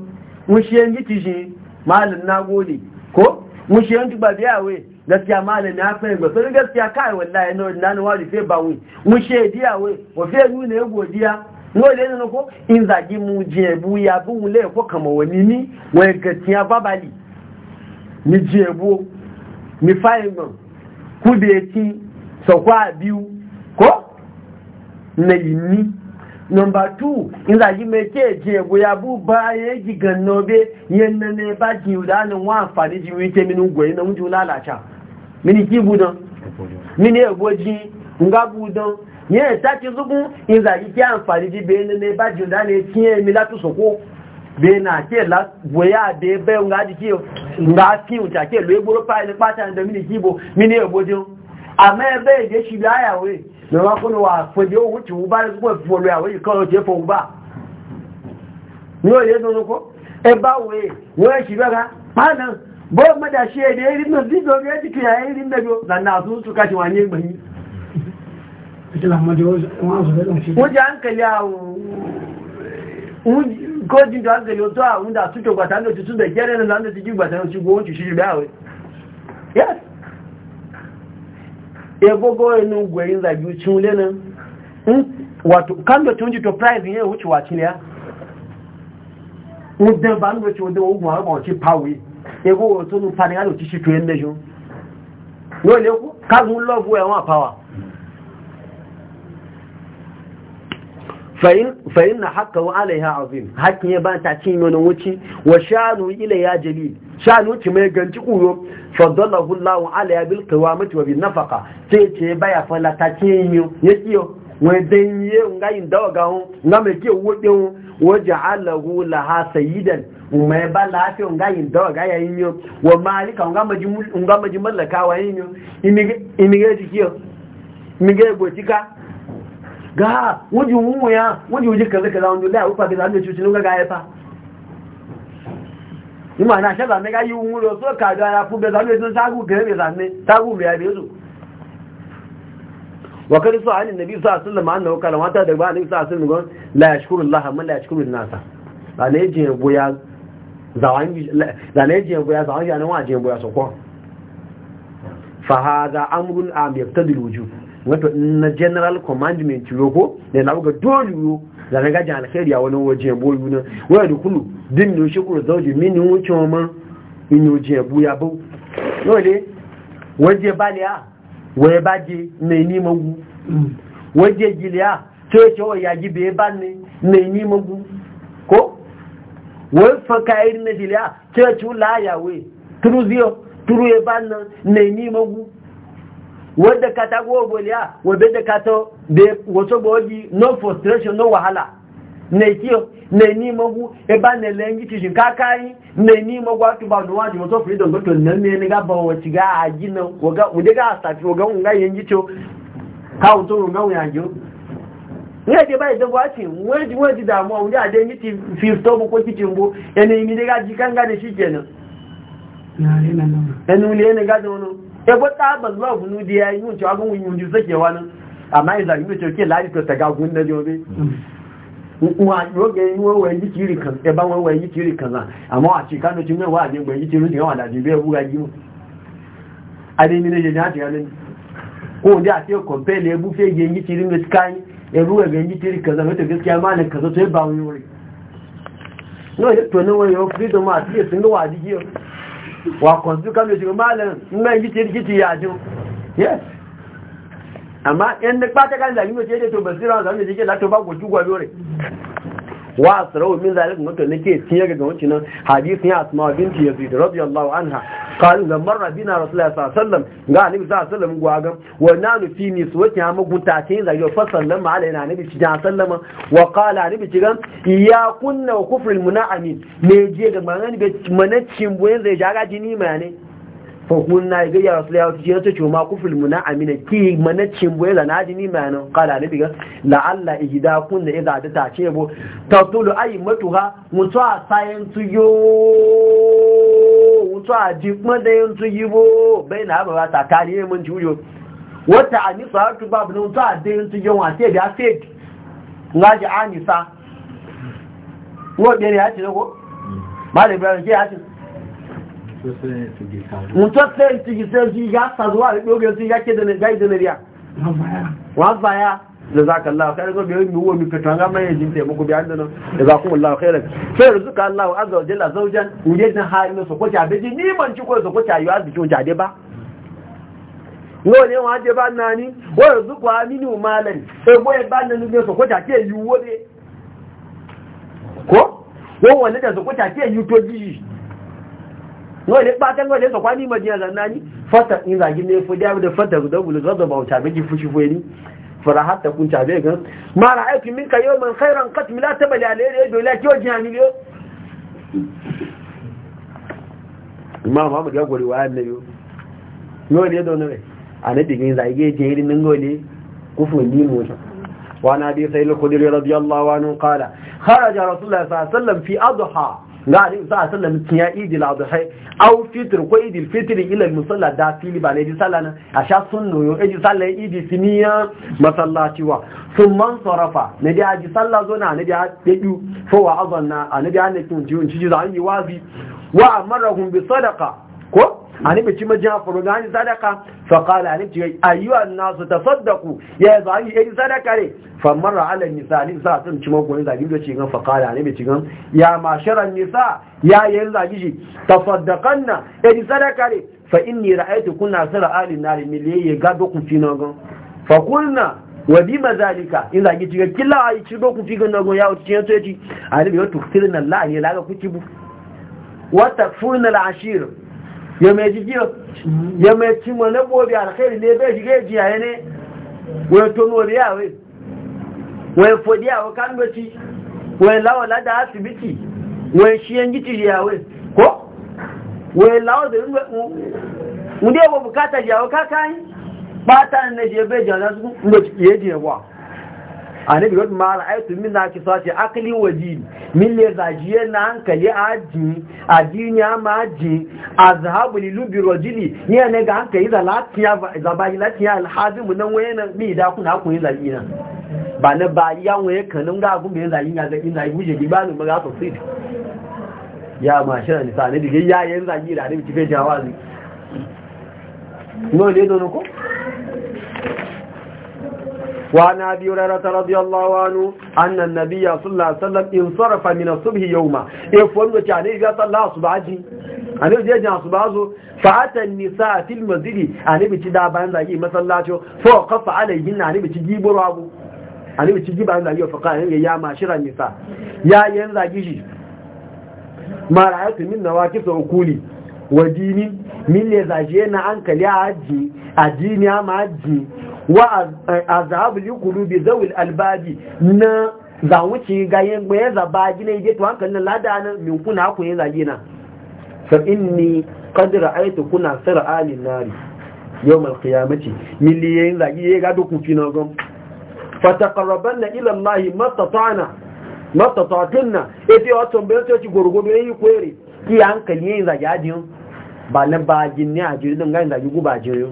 mun shi yan gici shi malin na gode ko mun shi yan tuba biyawe gaskiya malami ya fahimta gbasarin gaskiya kai wallahi na ordinary wari fe ba wi mu shediya we wa fe nuna ya godiya ngo le nuna ko in zagi mu jebu ya bu mu le ko kama wani ni wai gaskiya babali mi jebu mi fahimta ku be ti sokwa biyu ko na yini Number two, in zagi mai ke jebu ya bu bayan gigan nobe yanna ne ba jiwu da hannun wa amfani jiwu ke minin goyi na wujin lalata. mini ki budan mini egoji nga budan yẹn tati zugun ìzà yìí kí àǹfààní di bẹ́ẹ̀ nínú bá jù dá ní tí ẹ̀ mi látúnṣòkó bẹ́ẹ̀ náà kí ẹ̀ bóyá àbẹ́ bẹ́ẹ̀ nga di nga kí òun tà kí ẹ̀ ló égbóró e pa ẹni pátá ẹ̀dọ̀ mini ki bo mini egoji o àmọ́ ẹ bẹ́ẹ̀ ìdè ṣì bí àyàwó ẹ̀ ní wọ́n kún wà fòdì owó tí wọ́n bá ní púpọ̀ fún olùyàwó yìí kọ́ ọ̀jẹ́ fún bá ní òye nínú kọ́ ẹ bá wẹ̀ wọ́n ẹ̀ ṣì bẹ́ẹ̀ ká bọ́ mọ́dàṣe èdè ìrìnà dídò rẹ́dìkì àìrìn mẹ́jọ lànà àtúntù káṣí wà ní ìgbẹ̀yìn wọ́n jẹ́ àǹkẹ̀lẹ̀ àwọn kójíjọ àǹkẹ̀lẹ̀ tó àwọn àtúntò gbàtánà ti túnbẹ̀ jẹ́rẹ̀ lánà ti jí gbàtánà ti gbọ́ oúnjẹ ṣíṣe báwẹ̀ ẹgbogbo ẹnu gbẹ̀yìn ràjú tí ó lẹ́nà àwọn ego otun fani ga lo ti si tuen mejo no le ku ka gun love we won power fain fain hakka wa alaiha azim hakki ya ban ta ci mun wuci wa shanu ila ya jalil shanu ki mai ganci kuyo fadallahu allah alaiha bil qiwamati wa bin nafaqa ce ce baya fa la ta ci mun yaki wadin yi nga yin dawa ga hun nga mai ke wuɗe hun waje alahu laha sayidan mai ba lafiya nga yin dawa ga yayin yi wa malika nga maji mallaka wa yin yi imige jiki imige gotika ga wajen hunwu ya wajen wajen kaza kaza wajen da ya wufa kaza wajen cuci nuka ga ya fa ima na shaza mega yi hunwu da so kaduwa ya fi beza wajen sagu kere beza ne sagu bai ya bezo wa kar su anin nabi sallallahu alaihi wasallam annahu kala mata da ba nabi sallallahu alaihi wasallam la yashkuru Allah man la yashkuru an-nasa zane je boya zawan zane je boya zawan ya nan wa je boya so ko fa hada amrun am wato na general commandment yoko da na ga dole yo da na alkhairi a wani waje boyu na waya da kulu din ne shukuru zauji min wuce ma in yo buya bau yau ne waje baliya wee ba ji nìní mọ́gú wọ́n jẹ́ ìjìlẹ̀ à tí ó ṣe wọ́n yà jí bèé bá ní nìní mọ́gú kó wọ́n fọ́nká irin ní ìjìlẹ̀ à tí ó turu zíọ́ turu yẹ bá ní nìní mọ́gú wọ́n dẹ̀kata wọ́n bọ̀lẹ̀ à wọ́n bẹ́ dẹ̀kata wọ́n tó no frustration no wahala nekio neni mogu eba nelengi ebe kakai neni mogu atuba no waji moto anyị goto nemi ni ga bawo tiga ajina woga udega asati woga unga yengi cho ka unto unga uyanjo ne de bai dogo ati weji weji da mo unde ade ni ti fifto mo ko kitimbo ene imi de ga jikanga de shikena ẹnu ilé ẹni gádùn ọ̀nà ẹgbọ́ tábà lọ́ọ̀bù ní di ẹyún tí wọ́n yí wọ́n yí kiri kan ẹba e wọ́n wọ́n yí kiri kan náà àmọ́ àṣìkánú tí mẹ́wàá àjẹgbẹ̀ yí kiri tí wọ́n àdàjì bí ẹwúra yí mú adéyìnlẹ́yẹ ní àti alẹ́ kó dé àti ọkọ̀ pẹ́lẹ̀ ẹbú fẹ́ yẹ yí kiri ní sky ẹrú ẹ̀rẹ̀ yí kiri kan náà mẹ́tẹ̀ẹ́ kí a máa lẹ kan tó ẹbà wọn rí ti amma yan ba ta kan zalimi ce da to basira zalimi da ke la to ba ku jugwa dore wa asrau min zalik mutu nake tiya ga wanci nan hadisin asma binti yazid radiyallahu anha qalu lam marra bina rasulullahi sallallahu alaihi wasallam ga annabi sallallahu alaihi wasallam gwagan wa nanu fi wake ha guta ce zai fa sallama alaina annabi ci jan sallama wa qala annabi ci gan ya kunna wa kufrul munaamin me je ga manani be manacin boyen zai jaga jini mai ne fakulna ga ya rasu ya ce ta ce ma kufil muna amina ki mana cin da nadi ni kala ne biga la alla kun da idza ta ce bo tatulu ay matuha mutu a sayan tuyo mutu a ji da yin tuyi bo bai na ba ta kali ne mun juyo wata anisa har tuba bin mutu a da yin wa sai mutatsen ciki sai shi ya sa zuwa da dogon yake da gai da nariya wazza ya mai jin da muku biyan khairan sai Allah azza wa jalla uje da halin su ko ta ni man ci ko su ko ta yi azu ta de ba ngo ne wa e e ba nani wa aminu malan boye ba ne ko ta ke ko da ko ta ke ji wai ne ba tan wai ne sokwani madina zannani fata in zagin ne fi da da fata da bulu zaza ba uta biki fushi fu ni fara hatta kun ta bai ga ma ra aiki eh, min ka yawman khairan qad la tabali alayhi dole la kiwa jani yo ma ma mu ga gori wa an ne yo yo ne do ne ane digin zaige je irin nan gole ku fu ni mu wa nabi sayyid al-khudri radiyallahu anhu qala kharaja rasulullah sallallahu alaihi wasallam fi adha ga ni za mutum ya idil adha Au fitr ko idil fitr ila musalla da fili ba ne di na a sha sunno yo eji idil idi siniya masallaci wa sun man sarafa na da ji sallah zo na na da yadu fa wa azanna na da ne kun ji ji za yi wazi wa amarahum bi sadaqa ko Ani ci majin hafuru ga ani sadaka fa qala ani ci ayyuha an-nasu tasaddaqu ya zani yi sadaka ne fa marra ala misali sa sun ci magoyin zagi da ci gan fa qala ani ci gan ya masharan nisa ya yin zagi ji tasaddaqanna yayi sadaka ne fa inni ra'aytu kunna sara ali nari miliye ga dokun fina gan fa kunna wa bi mazalika in zagi ci gan killa ayi ci dokun fi gan nagon ya wuce ci ya ci annabi ya tuktirna la ne la ga kuci bu wa takfurna al-ashir ya mai jikiyo ya mai cin wani bobe alkhairi ne bai shiga jiya ya ne wai tono da yawai wai fodi a wakan wai lawala da asibiti wai shiyan gici yawe ko wai lawa da yin wunde ya bukata jiya wakan kayan bata na jebe jiya na su ya jiya A wani ma ra'aytu min na ki sace min le na hankali aji addini ma aji azhabu li lubi rajuli ni ne ga hankali da latiya da ba latiya alhazimu nan waye nan bi da kuna yi zali na ba na ba ya waye kanun ga gun bi zali ya ga ina guje bi ba mu ga sosai ya ma sa ne dige zali da وعن أبي هريرة رضي الله عنه أن النبي صلى الله عليه وسلم انصرف من الصبح يوما يفهم إيه لك يعني إذا إيه صلى عليه جاءت الله صباحي عليه جاءت صباحه فأتى النساء في المزيد أنا عليه بتدعى بان ذاكي مسلاته فوقف عليهن عليه بتجيب رابو عليه أنا بان ذاكي فقال يا معشر النساء يا ينزاكي ما رأيت من نواكف عقولي وديني من لزاجينا عنك لأجي أديني أم أجي wa eh, azabu li qulubi zawil albabi na za wuce ga yin gbe za ba gina ide to na lada nan min kuna ku yin zage na fa inni qad ra'aytu kuna sir alin nari yawm alqiyamati miliyen zage ga dukun fina gam fataqarrabanna ila allah mastata'na mastata'tunna ite o to be to ci gorgodo yi kwere ki hankali yin zage ajin ba na ba gina ajin dan ga zage guba ajin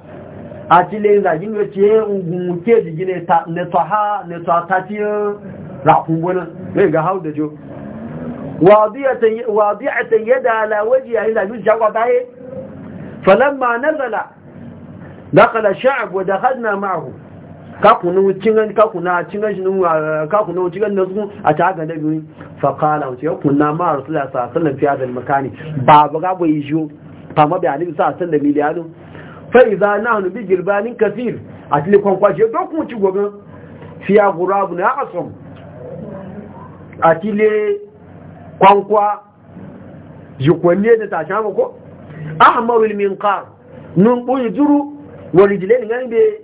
àti ilé ìrìnàjí ló ti ogun kéèdì jí lè ga hau dakala sha'ab wa dakhalna ma'ahu kakunu shi da a ga dabi fa qala wa yakunna ma rasulullah sallallahu alaihi makani ba ba ma fa'iza na hannu bi girbanin kasir a tilikon kwashe don kuma ci gwagon fiya gurabu na asom a tile kwankwa jikwanne da tashi hama ko ahmar wilmin kar nun ɓoye juru wani jile ne gani bai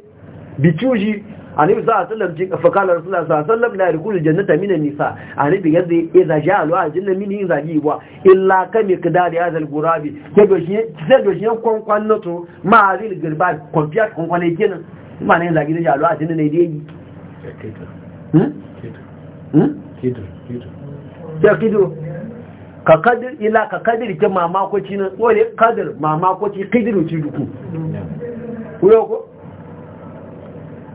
bituji annabi sallallahu alaihi wasallam fa qala rasulullah sallallahu alaihi wasallam la jannata min an-nisa annabi gaza idza jaa alwa min yin wa illa kam ikdari hadha al-gurabi ke do sai do kon ma azil kon kon ne ma ne zagi da ne dai hmm? Hmm? ya kido ka kadir ila ka kadir ke mamakoci nan kadir mamakoci kidiru ci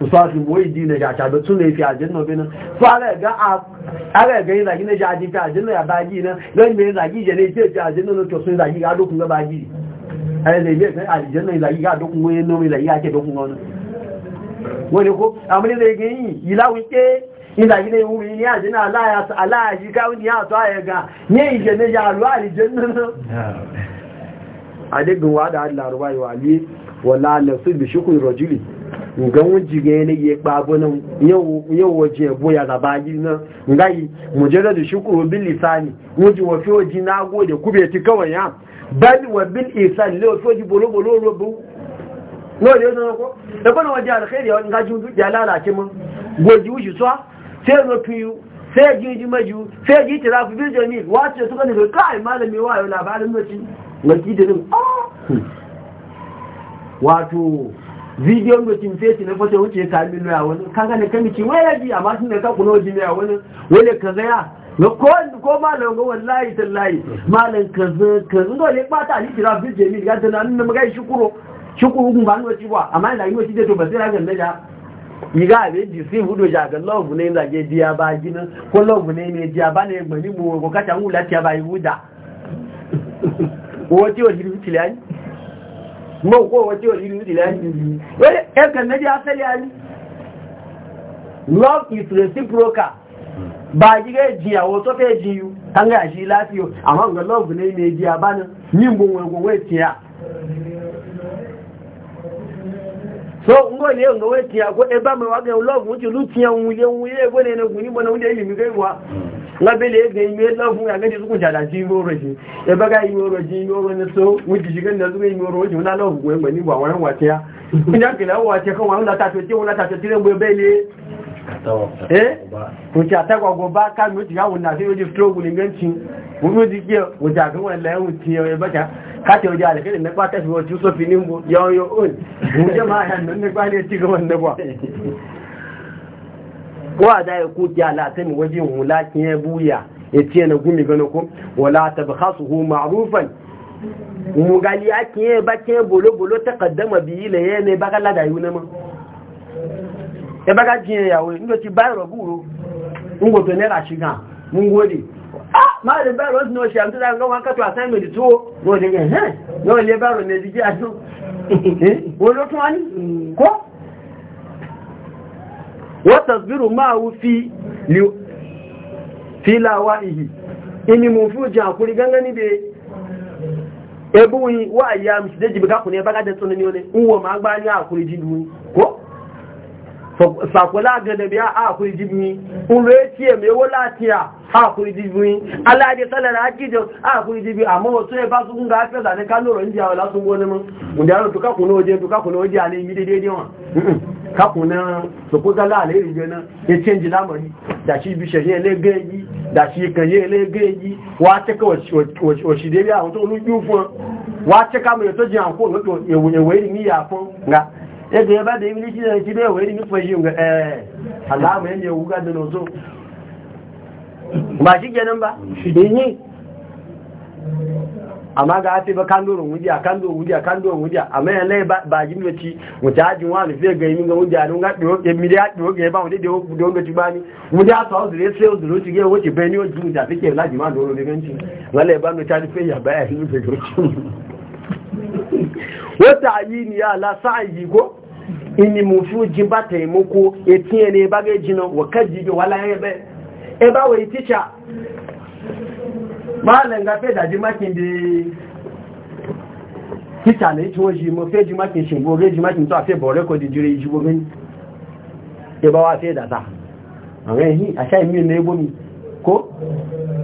musafi wai ji na jaca da tun fi ajin na benin su ala ga ala ga zagi na jaji fi ajin na ya bagi na zan mai zagi jane ce fi ajin na to ga ake wani ko ne yi wuri ni ga ne ya na wa da yi wa nga wuji ga yanayi ya kpabu nan yau waje ya boya zaba na ngayi mujalla da shukuru bin lisani wuji wafi waje na gode kube ti kawai ya bal wa bin isan le wafi waje bolo bolo rubu no ne zan ko da bana waje alkhairi ya ngaji ya lalace mun goji wuji so sai no piyu sai ji ji maju sai ji tirafi bin jami wace suka ne kai malami wayo labarin mace ngaki da nan ah! hmm. wato bidiyon mutum fesi na fata wuce ka bi a wani kaga ne kami ci waya ji amma sun da ka kuno ji a wani wani kaza ya na ko ko malam ga wallahi tallahi malam kaza kaza dole ba ta ali jira bi jemi ga ta nan mun ga shukuro shukuru kun ba no ci ba amma da yiwo ci da to basira ga da yiga abe ji si hudu ja ga love ne da ge dia ba gina ko love ne ne dia ba ne gbani mu ko ka ta mu la ti ba yi huda ko ti o ji ti mọ́ kó wọ́n tí ò rí rí lẹ́yìn ẹ̀kẹ̀ méjì afẹ́lẹ́ alì love is reciprocal bá jígẹ́ jìyàwó tó fẹ́ jìyù tánlé àṣí láti àwọn ọ̀gá love ní ilé ìdí àbáná yìnbó wọn kò wé tí a so ngó ní ọ̀gá wé tí a kó ẹbá labele ya gani mai e ya gani suku jada ji yoro ji ya baga yi yoro ji yoro ne so wuce shi gani da suka yi yoro ji wani lafin goyon gbani ba wani wace ya ina gila wace kan wani latafe ce wani latafe tirin bai bai ne eh wuce a tagwa goba ka mi wuce yawon na sai wuce stroke ne ganci wuce wuce ke a ya baka ka ta wuce alakarin na kwata shi wuce so finin bu yawon yawon wuce ma a yanzu ne kwane ci gaban da wa da ya kuti ala tani waje hula kin ya buya ya ce na gumi gano ko wala tabkhasuhu ma'rufan mu gali ake ya ba ke bolo bolo ta kaddama biyi la ya ne ba kala da yuna ma ya ba ka jin ya we ndo ti bayro buro ngo to ne ra shiga mun gode ah ma da bayro no shi am ta ga wan ka to assignment n'o ngo de he no le bayro ne di ji asu eh, wo ko watasbiru ma'ahu fi fi lawaihi ini mun fi jan kuri gangani be ebuwi wa ayyam sideji bi ka kunye baga de tsununi ole uwo ma gba ni akuri jindu ko sakola gada biya a kuri jibini ulu ya ce mai wala tiya a kuri jibini ala da salar hakijin a kuri jibini amma wasu ya ba su kun ga haifar zane kan loro indiya wala sun goni mun wanda ya rutu kakuna waje to kakuna waje ala imi daidai ne wa kakuna su kuka la ala iri jana ya canji lamari da shi bi shari'a le gaji da shi kanye le gaji wa ta ka wasu daidai a wata olu yi fun wa ta ka mai to jiyan ko ewu ewu iri ni ya fun ga yadda ya ba da ibilisi da shi bai wani nufin shi ga eh alama yadda ya guga da nozo ba shi kenan ba yi amma ga ati ba kan doron wujiya kan doron wujiya kan doron a amma yan lai ba jin da ci wuce ajin wani fiye ga yi ga wujiya don ga ɗiyo ya mi da ya ɗiyo ga ya ba wani da don ga ci ba ni wujiya ta wasu da ya sai wasu roci ga wuce bai ni wajen laji ma ba ta ya wata yi ni ya la sa'ayi ko ini mu fi ji ba taimako ya e tiye ne ba gai jinan wa kaji bi wala ya bai e ba wai tica malam ga fe da makin de. tica ne ti wọ́n ji mo fe ji makin shi bo gai ji makin to a fe bo rekodi jire ji bo gani e ba wa fe da ta àwọn ẹ̀yìn àṣà ìmú ilẹ̀ mi ko?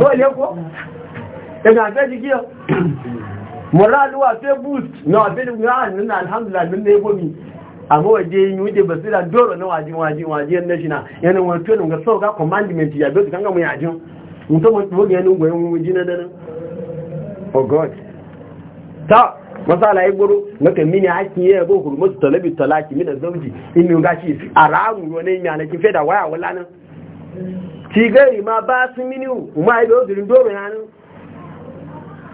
wọ́n lè kọ́ ẹ̀nà fẹ́ boost náà fẹ́ lùgbọ́n ààrùn nínú alhàmdùlà nínú ẹgbọ́ mi àmọ́ òjé yìí ó jẹ basira dọ́rọ̀ náà wájí wájí wájí ẹ̀ nẹ́ṣìnà yẹn wọn tó nùgbà sọ́ọ̀ká commandment yàgbé ti kánkà mú yàjú oh god na kan mini ya yabo hurmatu talabi talaki mina zauji in a ra'amu wani yana waya ti gari ma ba su mini ma ibe obirin doro ya nan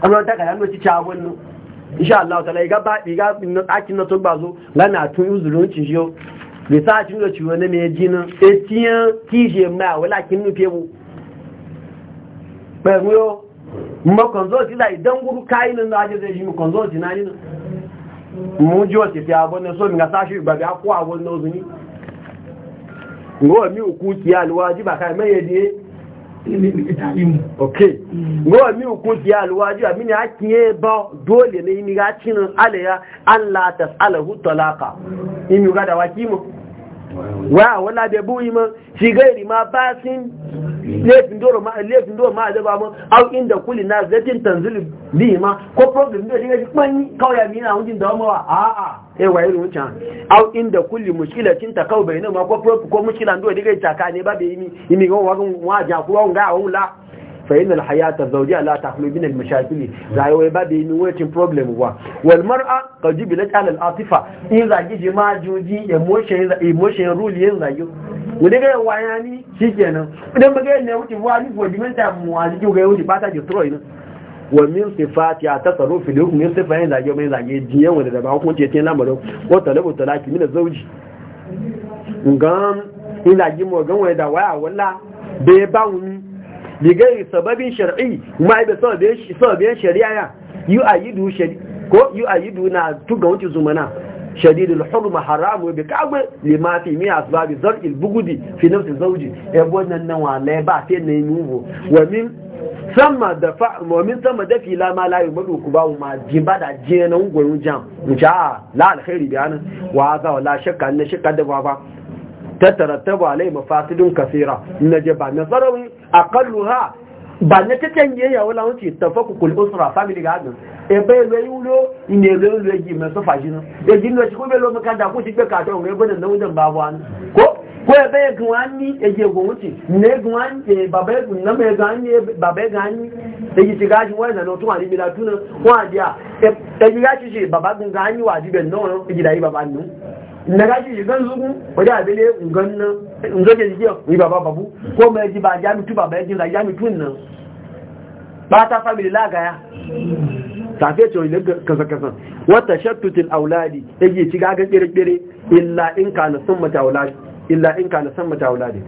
amuran takara mai cici abun nan insha Allah ta lai gaba ɗiga ɗakin na togba zo lana ma mu yóò mọ́ kọ̀nzọ́ọ̀tí láì dángúrú káyí nínú ajẹ́sẹ̀ yìí mọ́ kọ̀nzọ́ọ̀tí náà nínú mú ngowa mi hukunci alwajiba kai mai yadi ok ngowa mi hukunci alwajiba mini hakin ye ba dole ne imi ga cinin alaya an la tas'alahu talaka imi ga da waki mu wa wala da buyi ma shi gairi ma basin laifin doro ma laifin doro ma azaba ma au inda kulli na zatin tanzil bi ma ko problem da dinga ji kwanyi kawai mi na hunjin da mawa a a eh waye ne wancan au inda kulli mushkilatin takau bainahuma ko ko mushkilan do diga taka ne ba bai mi imi go wa wa ja ku wa ga wula fa inal hayata zawjiya la takhlu min al mashakil rayuwa ba bai mi wacin problem wa wal mar'a qad jibilat ala al atifa in zagi jima juji emotion emotion rule yin zagi mu daga waya ni shikenan idan ba ga ne wuce wa ni ko dimenta mu a ji ga wuce ba ta destroy ne wa min sifati a tasarrufi da hukumin sifa yin zage mai zage jiyan wanda da ba hukunci ta lamarin ko talabu talaki mina zauji ngan ina ji mu gan wani wanda waya walla be ba wuni yi sababin shar'i ma ibe sababin shari'a ya yu ayidu shari'a ko yu ayidu na tuga wuce zumana shadidul hurma haramu bi kagbe limafi mi asbabi zar'il bugudi fi nafsi zawji e bonan nan ba te ne wa min sama da fa wa fila ma la yubdu ku ba ma jiba da je nan gurun jam mucha ah, la alkhairi bi anan wa za wala shakka ne shakka da baba tattarattabu alai mafasidun kasira naje ba nasarawi aqalluha ba na ta canje ya wula wuce tafaku kul usra family garden e bai zai wulo ine zai wulo nan ya ji lo shi lo e maka e e da ku shi be ka bane na babu an ko ko ya bai ni ya je go wuce ne gwani e baba gun na mai gwani baba gwani da ji tiga wani na to ani bila tuna wa dia e ji ga ji baba gun gwani wa ji ben no ji na gashi shigan zugu wajen abin ne ungajen jikiyar yi baba babu ko mai ji ba jami tu baba yakin zai jami tun nan ba ta family lagaya tafiya ce wani kasa-kasa wata shattutin auladi ya ke ci gagan tsere-tsere illa in ka na san mata auladi illa in ka na san mata auladi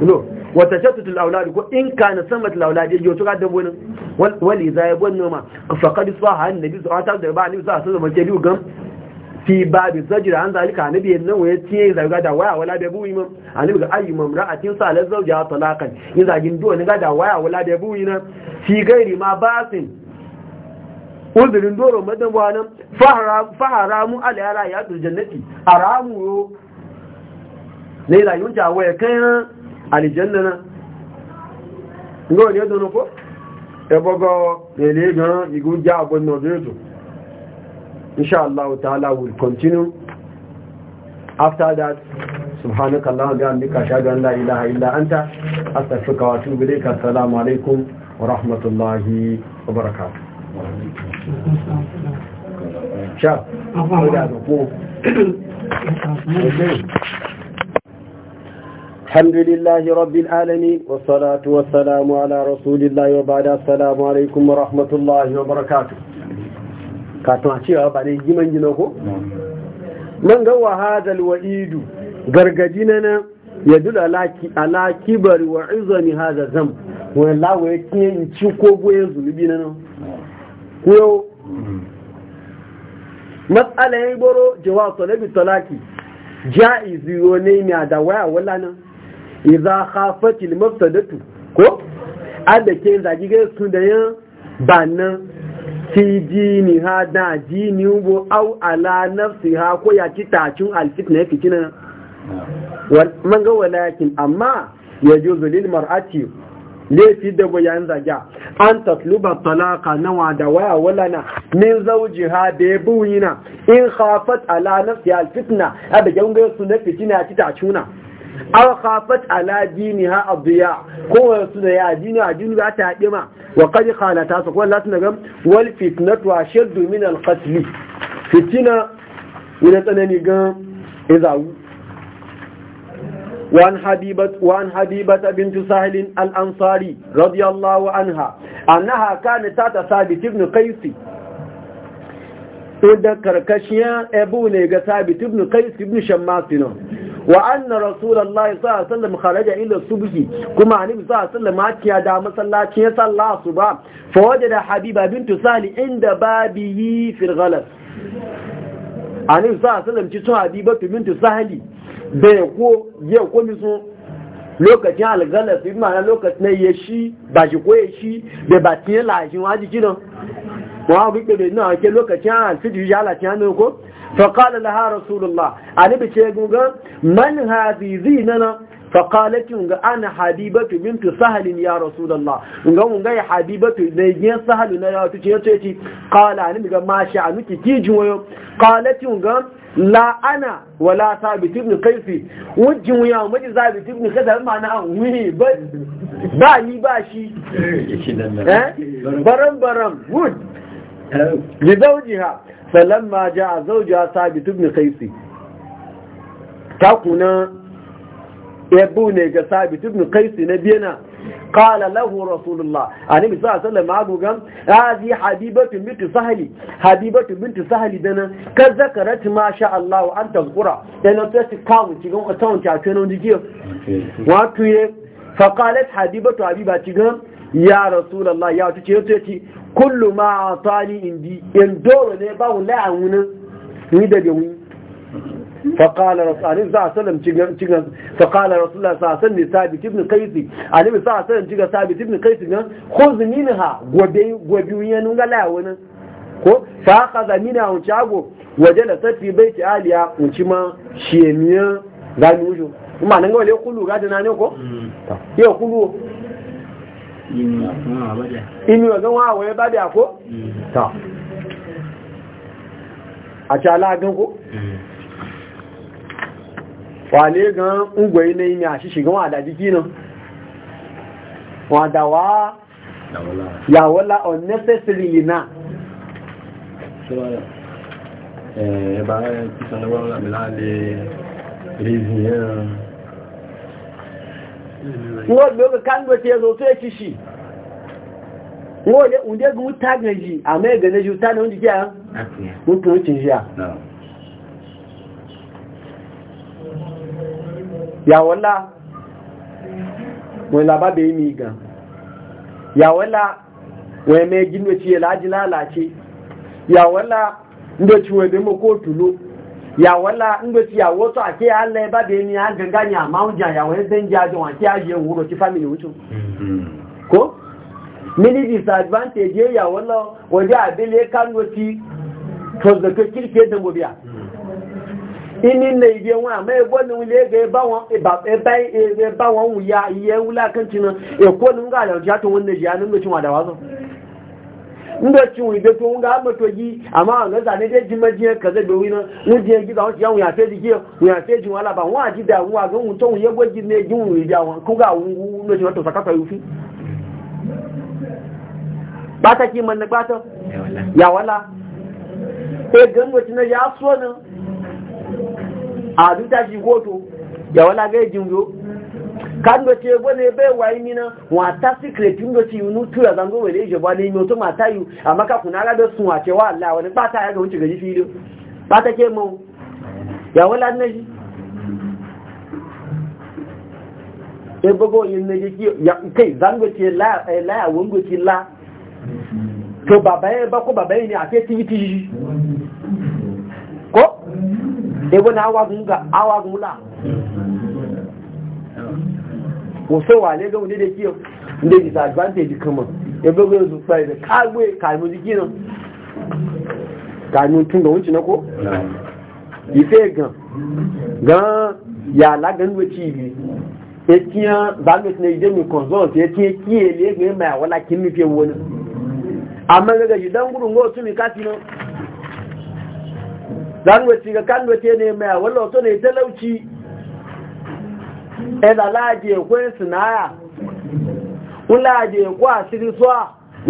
no wata shattutin auladi ko in ka na san mata auladi ya ke wasu gadon wani wali ya bon noma faƙari su ha hannu biyu bisu a ta zai ba a nisa a sun zama ke biyu gan fi babu zajira an zalika annabi yannan waye tiye zaga da waya wala da buyi mam annabi ga ayyu mamra'atin salat zawja talaqan in zagin do ne ga da waya wala da buyi na fi gairi ma basin uzurin doro madan wana fahara fahara mu ala yara ya dul jannati aramu yo ne da yunta waya kai aljanna na ngo ne dono ko ebogo ne le gan igun ja abon no do inshallah ta'ala will continue after that subhanaka allahumma bihamdika ashhadu an la ilaha illa anta astaghfiruka wa atubu ilayka assalamu alaikum wa rahmatullahi wa barakatuh الحمد لله رب العالمين والصلاة والسلام على رسول الله وبعد السلام عليكم ورحمة الله وبركاته katon a cewa ba dai giman gina ko? nan ga wahadal wa'idu gargaji na nan ya dula ala kibar wa izani hada zam wani lawa ya kiye in ci ko goye zulubi na nan kuyo matsala ya yi boro jawa tolaki ja ja'izi ne mai da waya wala nan idza khafati limafta datu ko adake ke zagi ga sun da yan ba nan fi jini ha da jini bu au ala nafsi ha ko ya ci tacin alfitna ya fitina man ga walakin amma ya ji zulil mar'ati laifi da bayan zaga an tatluba talaka nawa da waya wala na? min zauji ha da ya na. in hafat ala nafsi alfitna a da gangar su na fitina ya ci tacuna aw khafat ala diniha adiya ko wasu da ya dini a dini za ta hadima wa qad khalata su kuma latin gam wal fitnatu ashaddu min al qatl fitina ina tsanani ga izawu وعن حبيبة, وعن حبيبة بنت سهل الأنصاري رضي الله عنها أنها كانت تات ثابت بن قيس إذا كركشيا أبو نيغا ثابت بن قيس بن شماسنا wa anna rasulullahi sallallahu alaihi wasallam kharaja ila subhi kuma annabi sallallahu alaihi wasallam ya da masallaci ya salla suba fa wajada habiba bintu sali inda babihi fil ghalas annabi sallallahu alaihi wasallam ci tun habiba bintu sali bai ko ya ko mi so lokacin al-ghalas bi ma lokacin ya shi ba shi ko ya shi da ba tin la shi wa ji don wa bi ke be na ke lokacin alfidi ya la tiye ko فقال لها رسول الله أنا بشيء من هذه زيننا فقالت ان انا حبيبه بنت سهل يا رسول الله ان يا حبيبه نيجين سهل لا تجي تجي قال أنا ما شأنك تجي قالت ان لا انا ولا ثابت بن قيس وجه يا مجي ثابت بن كذا انا وي بس باني باشي برم برم ود لزوجها فلما جاء زوجها ثابت بن قيس تقنا يبوني ثابت بن قيس نبينا قال له رسول الله اني صلى الله عليه وسلم معه هذه حبيبه بنت سهلي حبيبه بنت سهلي دنا كذكرت ما شاء الله ان تذكر انا لأن تتكاون تقوم اتون تعتنون ديجيو واتيه فقالت حبيبه حبيبه تقوم ya rasulallah ya wata ya yato ce kullu ma a tani indi in dole ne ba wula a wuni ni daga wuni faƙala rasulallah za a salam cigar faƙala rasulallah za a san ne sabi tibni kaisi a nemi za a salam cigar sabi tibni kaisi gan ko zumini ha gobe wuni ya nuna laya wuni ko fa ka zamini a wuce ago waje da bai ta aliya wuce ma shemiyan zami wujo kuma nan ga ne kullu ga na ne ko mm. yau kullu inú ọ̀gán wọn àwọn ẹbá dẹ̀ àkó àti aláàgánkó wà ní gan ń gbẹ̀ iná iná àṣíṣì gan wọ́n àdàjí kí náà wọ́n àdàwà yàwọ́lá unnecessary wọ́n lè kánúwẹ̀ tí ẹzọ tó ẹ̀kì sí wọ́n lè ǹdẹ́gùn tágẹ̀jì àmọ́ ẹ̀gẹ̀lẹ́jì tánà ó Ya àwọn tó ń ti ṣe à yàwọ́lá wọ́n lábábẹ̀ ìmì tiye yàwọ́lá wọ́n ẹ̀mẹ́ gínú ti ẹ̀ láàájí yawola la ń gbé ti ya tó àti alẹ́ bá bèé ní a ní àmá oúnjẹ àyàwó ẹgbẹ́ ń jẹ́ àjọ wọn àti ayé òwúrò ko. fámìlì wútù kó mini disadvantage yẹ yàwó lọ òdí àbílẹ̀ kánú ti tọ́zọ̀kẹ́ kíríkì ẹ̀dẹ̀mọ̀ bíà inú ilẹ̀ ìdí wọn àmọ́ ẹgbọ́n ní ilé ẹgbẹ́ bá wọn wù ya iye wúlá kan ti na èkó ní ń gà àlẹ́ ọ̀já tó wọn lè jẹ́ ndo ci wi be to nga ma to gi ama nga za ne de ji ma ji ka ze be wi mu ji gi da on ya wi afi ji wi afi ji wala ba wa ji da wa ga un to ye go ji ne ji wi da wa ku ga un no ji to saka ka yufi ba ta ki man na ba ta ya wala e gan mu na ya so na a du ji goto ya wala ga ji yo kando ce bane bai wai mina wata secret ndo ci yunu tura zango ba ne mata yu amma ka kuna da sun wace wa Allah wani ba ta wuce gaji ba ta e ke e, ya wala yin ya kai zango ce wango la to baba ne e a ko awa gunga awa wasu wale ga wani da kiyo da disadvantage kama ya bugu yanzu sai da kagwe kalmu jiki nan kalmu tun da wuce na ko? ife gan gan ya lagan wuce bi e e ya kiya zamis na idemi consult ya kiya kiye ne ga mai wala kin nufe wani amma daga gidan gudun go tumi kati nan zan wuce ga kan wuce ne mai wala wato ne talauci ẹ̀dà láàájì ẹ̀kọ́ ẹ̀sìn náà ń láàájì ẹ̀kọ́ àṣírí sọ́à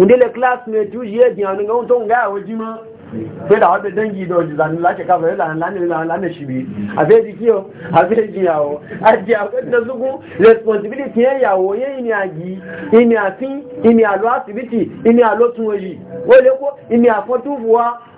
ìdílé classmate yìí ẹ̀dìn àwọn ohun tó ń gá àwọn jímọ́ pé dàwọn bẹ dẹ́yìn ìdọ̀ ìdànù láti káfẹ́ lánàá o àfẹ́jì ìyàwó àti àfẹ́jìdọ́sógún responsibility yẹn ìyàwó yẹn ìní àjí ìní àfín ìní àlọ́ àsìbítì ìní àlọ́tún òyì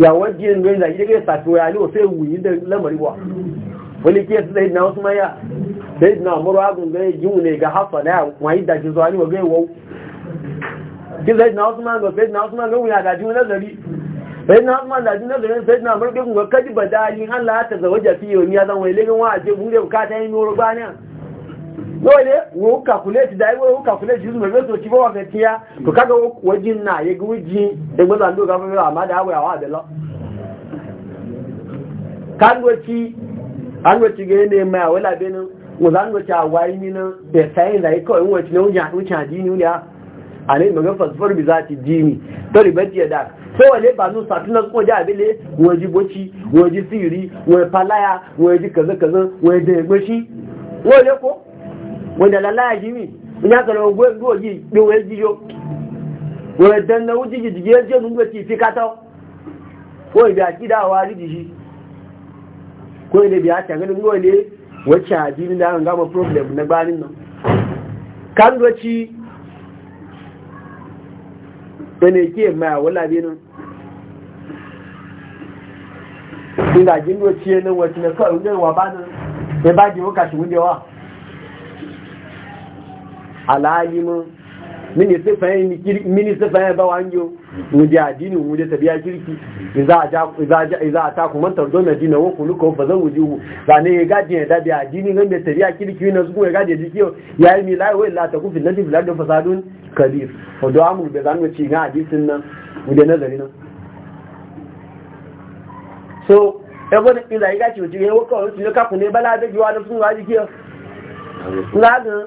yawon jiyan gani da gida ya safi waya ne wasu yawu yi da lamari ba wani kiyar su zai na wasu maya zai na mura agun ga yi ne ga hafa na ya wani daji zuwa ne wa gai wau ki zai na wasu manga zai na wasu manga wuya da jiwu nazari Za'idina na wasu manga daji jiwu nazari zai na murɗe kun ga kaji ba dali an la ta zawaja fiye wani ya zan wani legin wa a ce bude bukata yin noro ba ne dole wo calculate da wo calculate yuzu mai so kibo wa tiya to kaga wajin na ya ga wajin na gbaza ndo ga fa ma da hawa wa da lo kan goci an goci ne mai wala benin wazan goci a wayi ni da sai da iko in wace ne wuya wuce dini a ne maga bi za to ya da sai wale ba nu ko ja bele siri palaya wanda lalaya shi mi in ya tsara ogwe goji ɗin wani jiyo wani dan na wuce jijigi yanzu yanzu ga cifi kata ko ibi a kida wa riji shi ko ibi biya ta ganin gowa ne wacce a jini da an gama problem na gbanin nan kan doci wani ke maya wala benin inda jini doci yanin wacce na kawai wa ba nan ya ba jiwo kashi wujewa alalimin mini sifayen ba wanyo wuje adini wuje tabiya kirki iza a taku mantar zonar dina woku luka wofa zan wuje wu ne ya gaji ya dabi adini gan da tabiya kirki na su kuma ya gaji jikiyo ya yi wa wai lata kufin na tafi lardin fasadun kalif wadda amur bai zanuwa ci na hadisin nan wuje nazari nan so ebo da ila ya gaci wuje ya wuka wani su ne kafin ne bala da jiwa da sun wa jikiyo. n'a ga.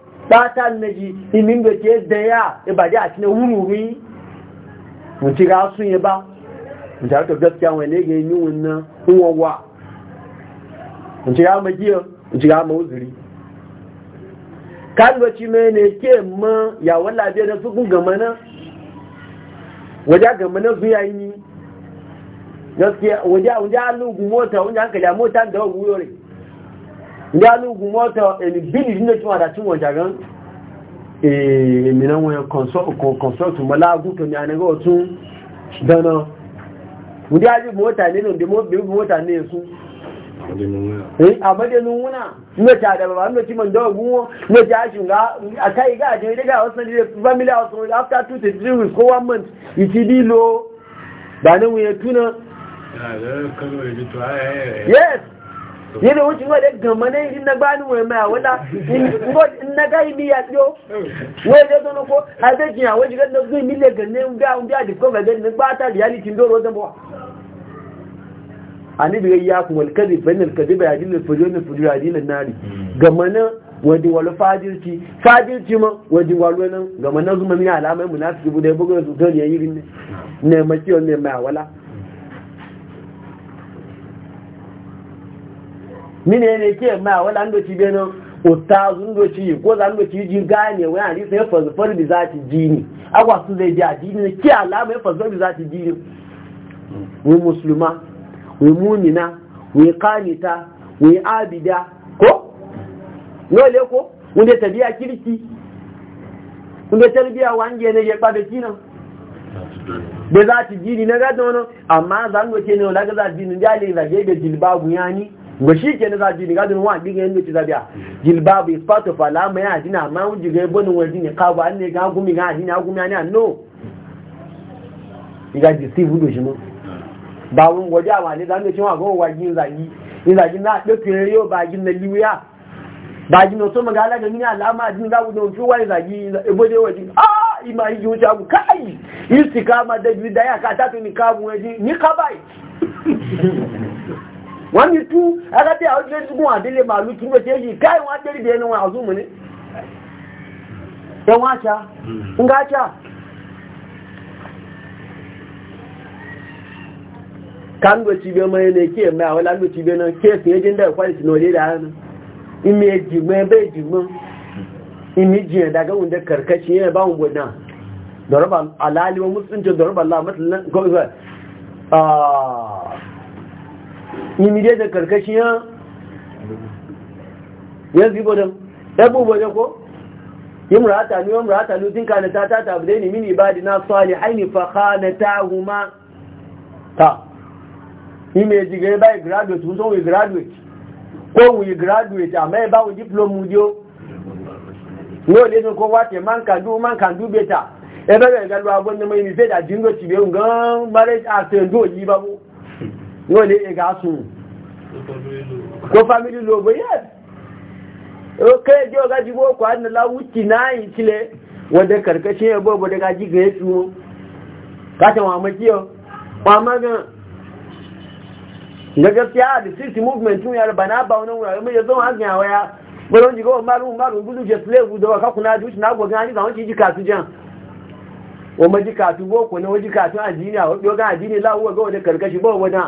bata naji imin da ke da ya ibaje e a cikin wuri mu ci ga sun yi ba mu ta to gaskiya wani ga yi wannan uwawa mu ci ga magiyo mu ci ga mauzuri kan lokaci mai ne ke ma ya walla bai da su kun gama na waje gama na zuya yi gaskiya waje waje alugu mota wajen hankali mota da wuyo ne galugun mọ́tọ̀ ẹni bílì nínú tí wọ́n dá tí wọ́n jàgán èmìnà wọn kọ̀nsọ́tù mọ́láàgùn tó ní anẹ́gọ́ tún dáná wùdí ajú mọ́tà nínú dí mọ́tà ní ẹ̀sùn àbọ́dẹ̀nu wúnà mẹ́ta àdàbàbà mẹ́tí mọ̀ ìdọ́gún wọn mẹ́ta aṣùgbà àkáyíká àti ìdígà ọ̀sán ilé family house after two to three weeks kó one month ìtì lílo bàánú yẹn túnà yes yadda wucin wadda gama na yi na gbani wai mai wadda na ga yi miya tsiyo wai zai zana ko zai jin a wajen ganda zai mile gane biya un biya dikko na gbata ba ta cin doro da bawa ni biya ya kun wal bayan bain al kadi ba yadin fujun fujun yadin nari gama na wadda walu fajirci fajirci ma wajen walu nan gama na zuma mina alamai munafiki bude bugun su tori yi ne ne makiyon ne mai wala mine ne ke ma wala ndo ci beno ustazu ndo ci ko za ndo ci ji gane wani hadisi ya fazu farbi za ci jini agwa su zai ji jini ke alama ya fazu farbi za ci jini mu musulma mu mu'mina mu qanita mu abida ko ngole ko wanda tabiya kirki wanda tarbiya wange ne ya kwabe kinan da za ci jini na gadon amma za mu ce ne wala ga za jini jali zage da jilbabu yani ba shi ke na zaji ne gajin wa ɗin yanzu ci zabiya jilba bai fato fala mai adina ma wuji ga ibonin waje ne ka ba ne ga gumi ga adina gumi ana no iga ji si budo shi mu ba wun waje a ne zan ce wa go waji zagi in zagi na ɗauke yau ba gin na liwiya ba gin no so magala ga mini alama adin ga wudo fi wai zagi ibode e waje ah ima yi wuce abu kai istikama da da ya ka ta to ni kabu waje ni ka bai wọ́n ní tú ẹgbẹ́ àwọn ilé ṣùgbọ́n àdílé màálù tún lóṣe a káì wọ́n tẹ́rì bí ẹni wọn àzúmù ní ẹwọ́n àṣà ń hmm. ga àṣà kánúwẹ̀tì bí ọmọ ẹni kí ẹ̀mẹ́ àwọn lágbẹ̀tì bí ẹni náà dọ̀rọ̀bà nimide da karkashin ya ya zibo da ɗabubo da ko yi murata ne wa murata lutin kanata ta tabi da yi mini ba di na tsali haini fahanata huma ta yi mai jigai bai graduate sun son graduate ko wuyi graduate amma ya ba wi diploma wujo no le ko wate man kan du man kan du beta ebe ga ga ba bon ne mai ni fe da jingo ti be ngan marriage after do yi babu wọ́n lè ẹ̀gá sùn kó fámílì lò bó yẹ́ ọkẹ́ ẹjọ́ ọ̀gá jù bó kọ́ àdínlá wùtì náà yìí sílẹ̀ wọ́n dẹ kàrkashin ẹgbọ́ bó dẹ́gá jí gẹ̀ẹ́ tu wọn káṣẹ wọn àmọ́kí ọ wọn àmọ́gán gẹ́gẹ́ a the sixth movement tún yàrá bàná bá wọn wúra ẹgbẹ́ yẹn tó wọn gbìn àwẹ́yà bọ́lá ń jìgọ́ márùn márùn gúdú jẹ sílẹ̀ ìwúdọ̀ ọ̀kákùnrin wọ́n mọ́ jí kàtú bó kùnà wọ́n jí kàtú àdínì àwọn ọgbọ́n àdínì láwọ́ ọgbọ́n karkashi bọ́ wọ́n náà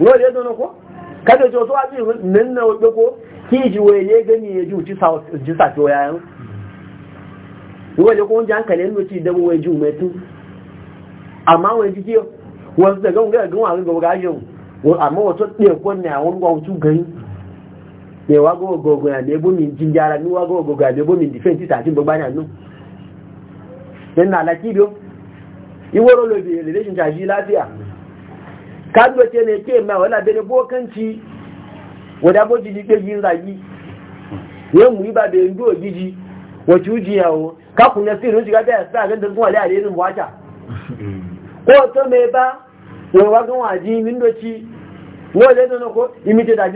wọ́n yẹ́ dọ́nà kó kájọ jọ tó wájú nínú ọjọ́ kó kí ìjìwò èyẹ gẹ́ni èjì òjì sàtò ya yẹn ko yẹ́ kó oúnjẹ àǹkàlẹ̀ ń lò tí ìdẹ́wọ́ wọ́n ẹjú mẹ́tú àmọ́ àwọn ẹjú kí wọ́n ti tẹ̀gọ́ gẹ́gẹ́ gẹ́gẹ́ àwọn gbogbo ayọ̀ àmọ́ wọ́n tó tẹ̀ pọ́ ní àwọn gbogbo tún gan ní wá gbogbo àdébó mi jíjẹ ara ní wá gbogbo àdébó mi dìfẹ́ǹtì tàbí gbogbo àyàn náà nínú àlàkí bí ó ìwọ́rọ̀ lòdì relationship àjí lafiya. ka ce ne ke ma wala bene bokanci wadda bo jiji ke yin zagi yan mu yi a bai ndo jiji wace uji yawo ka ku na sirrin shiga bai sa ga dukkan wale a yin wata ko to me ba wo wa gan waji min doci wo le no ko imite da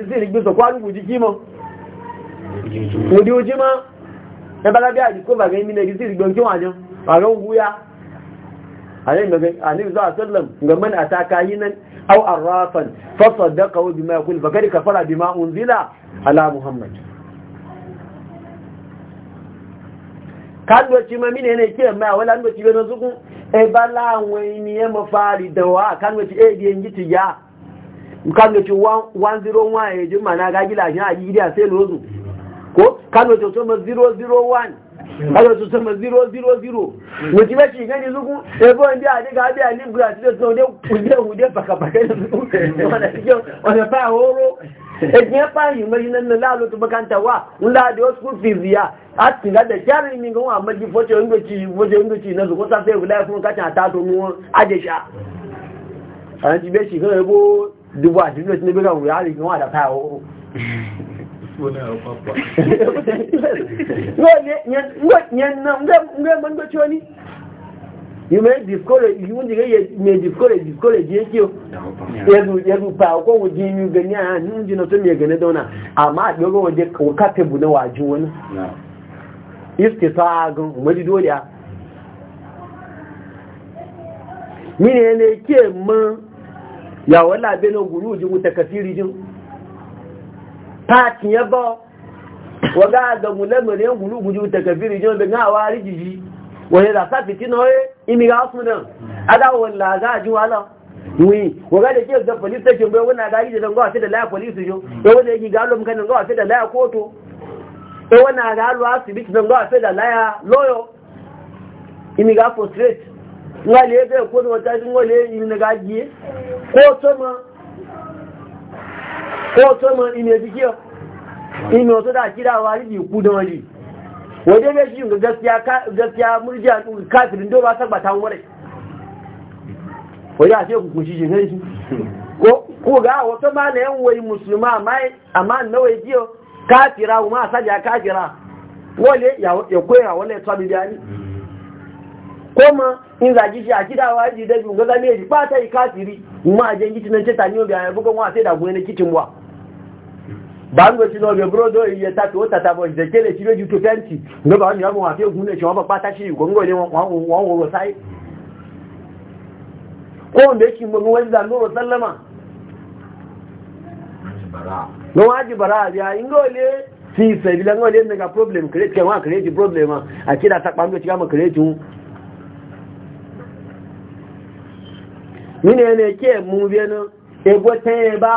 ma e na أو أرافا فصدقه بما يقول yaqul fa بما أنزل على unzila ala muhammad ci ma mine ne ke ma wala ndo ci no zuku e bala won ni e mo fari dawa kando ci e ge ngiti ya kando ci 101 e juma na ga gila a sai lozu ko kan to ma 001 ala su sama zero zero zero mutum ya shiga ne zuku ebo ndi a daga abi ali brazil sun hude hude hude baka baka ne zuku wanda cikin wanda fa horo ejin ya yi mai nan na lalo ta bakanta wa wula da wasu school fees ya a tinga da kyari min ga wa maji fote ingo ci fote na zuku ta sai wula kuma ka ta ta to mu aje sha an ji be shiga ebo dubu a cikin ne be ga wuya ri ga wa da fa horo you may discourage you won't get may discourage discourage yake yanzu yanzu ba ko waje ni gani a nun ji na to me gane dauna amma a dogo waje ko ka tebu na waje wani istisagun wadi dole a mine ne ke mun ya wala beno guru ji mu takasiri jin pati ya ba waga da mulamar yan gulu guji ta kafiri jiyon da gawa rijiji wani da sa fiti na waye imi ga wasu da ada wala za a ji wala wi waga da ke da police station bai wani ga rijiji don gawa sai da la police jo ya wona yake ga lom kanin gawa sai da laya koto ya wani ga alu asibiti don gawa sai da laya loyo imi ga frustrate ngale ya ga kodin wata ngale imi na gajiye ko to ma ko to mo ime jikiyo ime to da kira wari ikwu ku wadde wari waje ga shi ga gaskiya gaskiya murjiya kafirin do ba sabata wurai waje a ce ku kushi shi ga wato ma na yan wai musulma mai amma nawa jiyo kafira kuma saja kafira ya ya wole to bi dani koma kafiri a a na báńgò tí lọ́ọ̀bẹ̀ búrọ́dọ̀ iye tàbí ó tàtàbọ̀ ìdẹ̀kẹ́lẹ̀ tí lójú tó tẹ́ǹtì lọ́bàá ní àwọn àfihàn ogun lè ṣe wọ́n pàpá táṣí ìgbóngbò ní wọ́n wòrò sáyé kóhùn lè ṣe gbogbo wẹ́n zanúrò sálẹ́mà lọ́wọ́n bara? bàrá àbí àyíngọ́lé sí ìfẹ̀ ìbílẹ̀ ngọ́lé mega problem kìrẹ́tì kẹwàá kìrẹ́tì problem àti ìdàtàpàmì tí káàmù kìrẹ́tì ń nínú ẹni ẹkẹ́ mú bí ẹnu ẹgbẹ́ tẹ́yẹ bá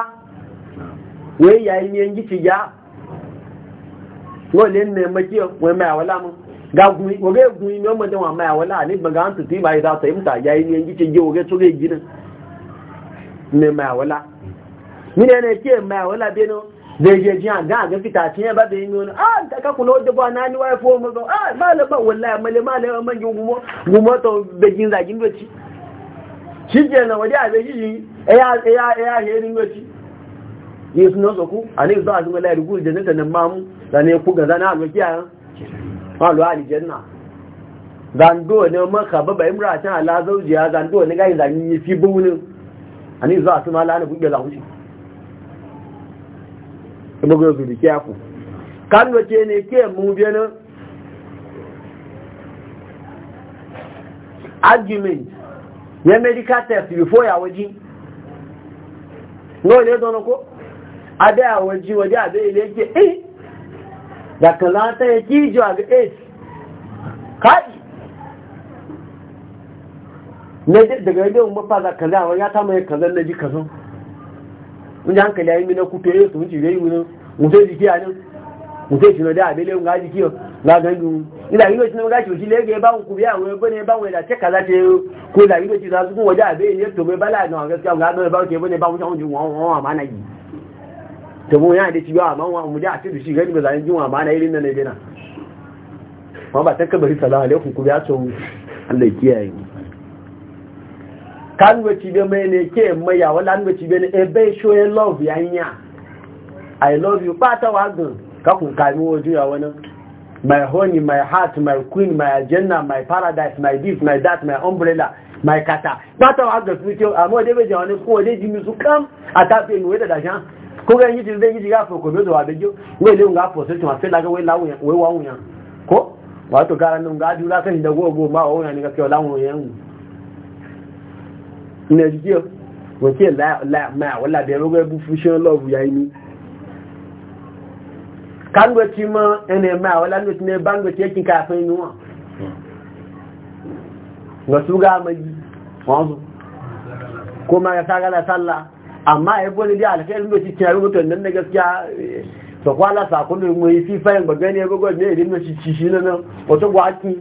wai yayi miyan gici ya wale ne maki wai mai awala mun ga gumi wage gumi ne mun da mai awala ne ba ga tuti bai za ta imta yayi miyan gici ge wage to ge ginin ne mai awala mine ne ke mai awala beno zai je jiya ga ga fita ce ba da yin wani ah ta ka kula da ba nani ni wai fo mu zo ah mala ba wallahi male male man gumo gumo to da gin zagin doci shi je na waje a bai shi e ya e ya e ya herin doci ni sun notsa ku a ne zuwa zuma layar gudu jannata nan mamu da ne ku gaza na alwaki a malu alijanna zando ne maka baba imra can ala zaujiya zando ne gayi zani yi fi bunin a ne zuwa zuma lana buɗe za hushi ibo ga su dike ku kan wace ne ke mu biyanin argument ya medical test before ya waji no ne dono ko adé àwọn jí wọ́n dé àbẹ́ ilé jẹ́ eh dàkàlá tẹ́yẹ kí ìjọ àgbẹ́ eh káàdì daga yadda mun mafa za kaza wani ya tamaye kaza na ji kazo mun ji hankali yayin mina kuto yau su wuce mina jiki a nan na da abele ga jiki ga gandu ina yi ga shi le ga ba ku biya wai bane ba wai da ce kaza ce ko da yi za su kun waje abele ne to bai bala gaskiya ta mu yana da ci yawa man wa mu da ati da shi gani ba zan jin wa ma na irin nan ne dena ma ba takka bari salamu alaikum ku ya so Allah kiyaye ni kan wati be mai ne ke mai ya wala wati be ne e eh, be show your love ya i love you ba ta wa gan ka kun kai mu waju ya wani. my honey my heart my queen my agenda my paradise my this my that my umbrella my kata ba ta wa gan su ke amma dai be jawani ko dai jimi su kam a tafe mu da dashan ko ga yi tin zai yi ga foko do wa bejo we le nga fo se tuma se we wu we wa wu yan ko wa to gara nun ga du kan da go ma wa wu ni ga ke la wu ne ji wo ke la la ma wala de ro ga bu fusion love ya ni kan go ti ma ene ma wala no ti ne bango ti kin e ka fa ni wa ga su ma ji wa ko ma ga sagala sallah amma ya gwani da alkhairin da cikin yaro mutum nan na gaskiya eh, ta kwala sakunin mai fifayen bagani ya gwagwa ne irin da shi na nan wata gwaki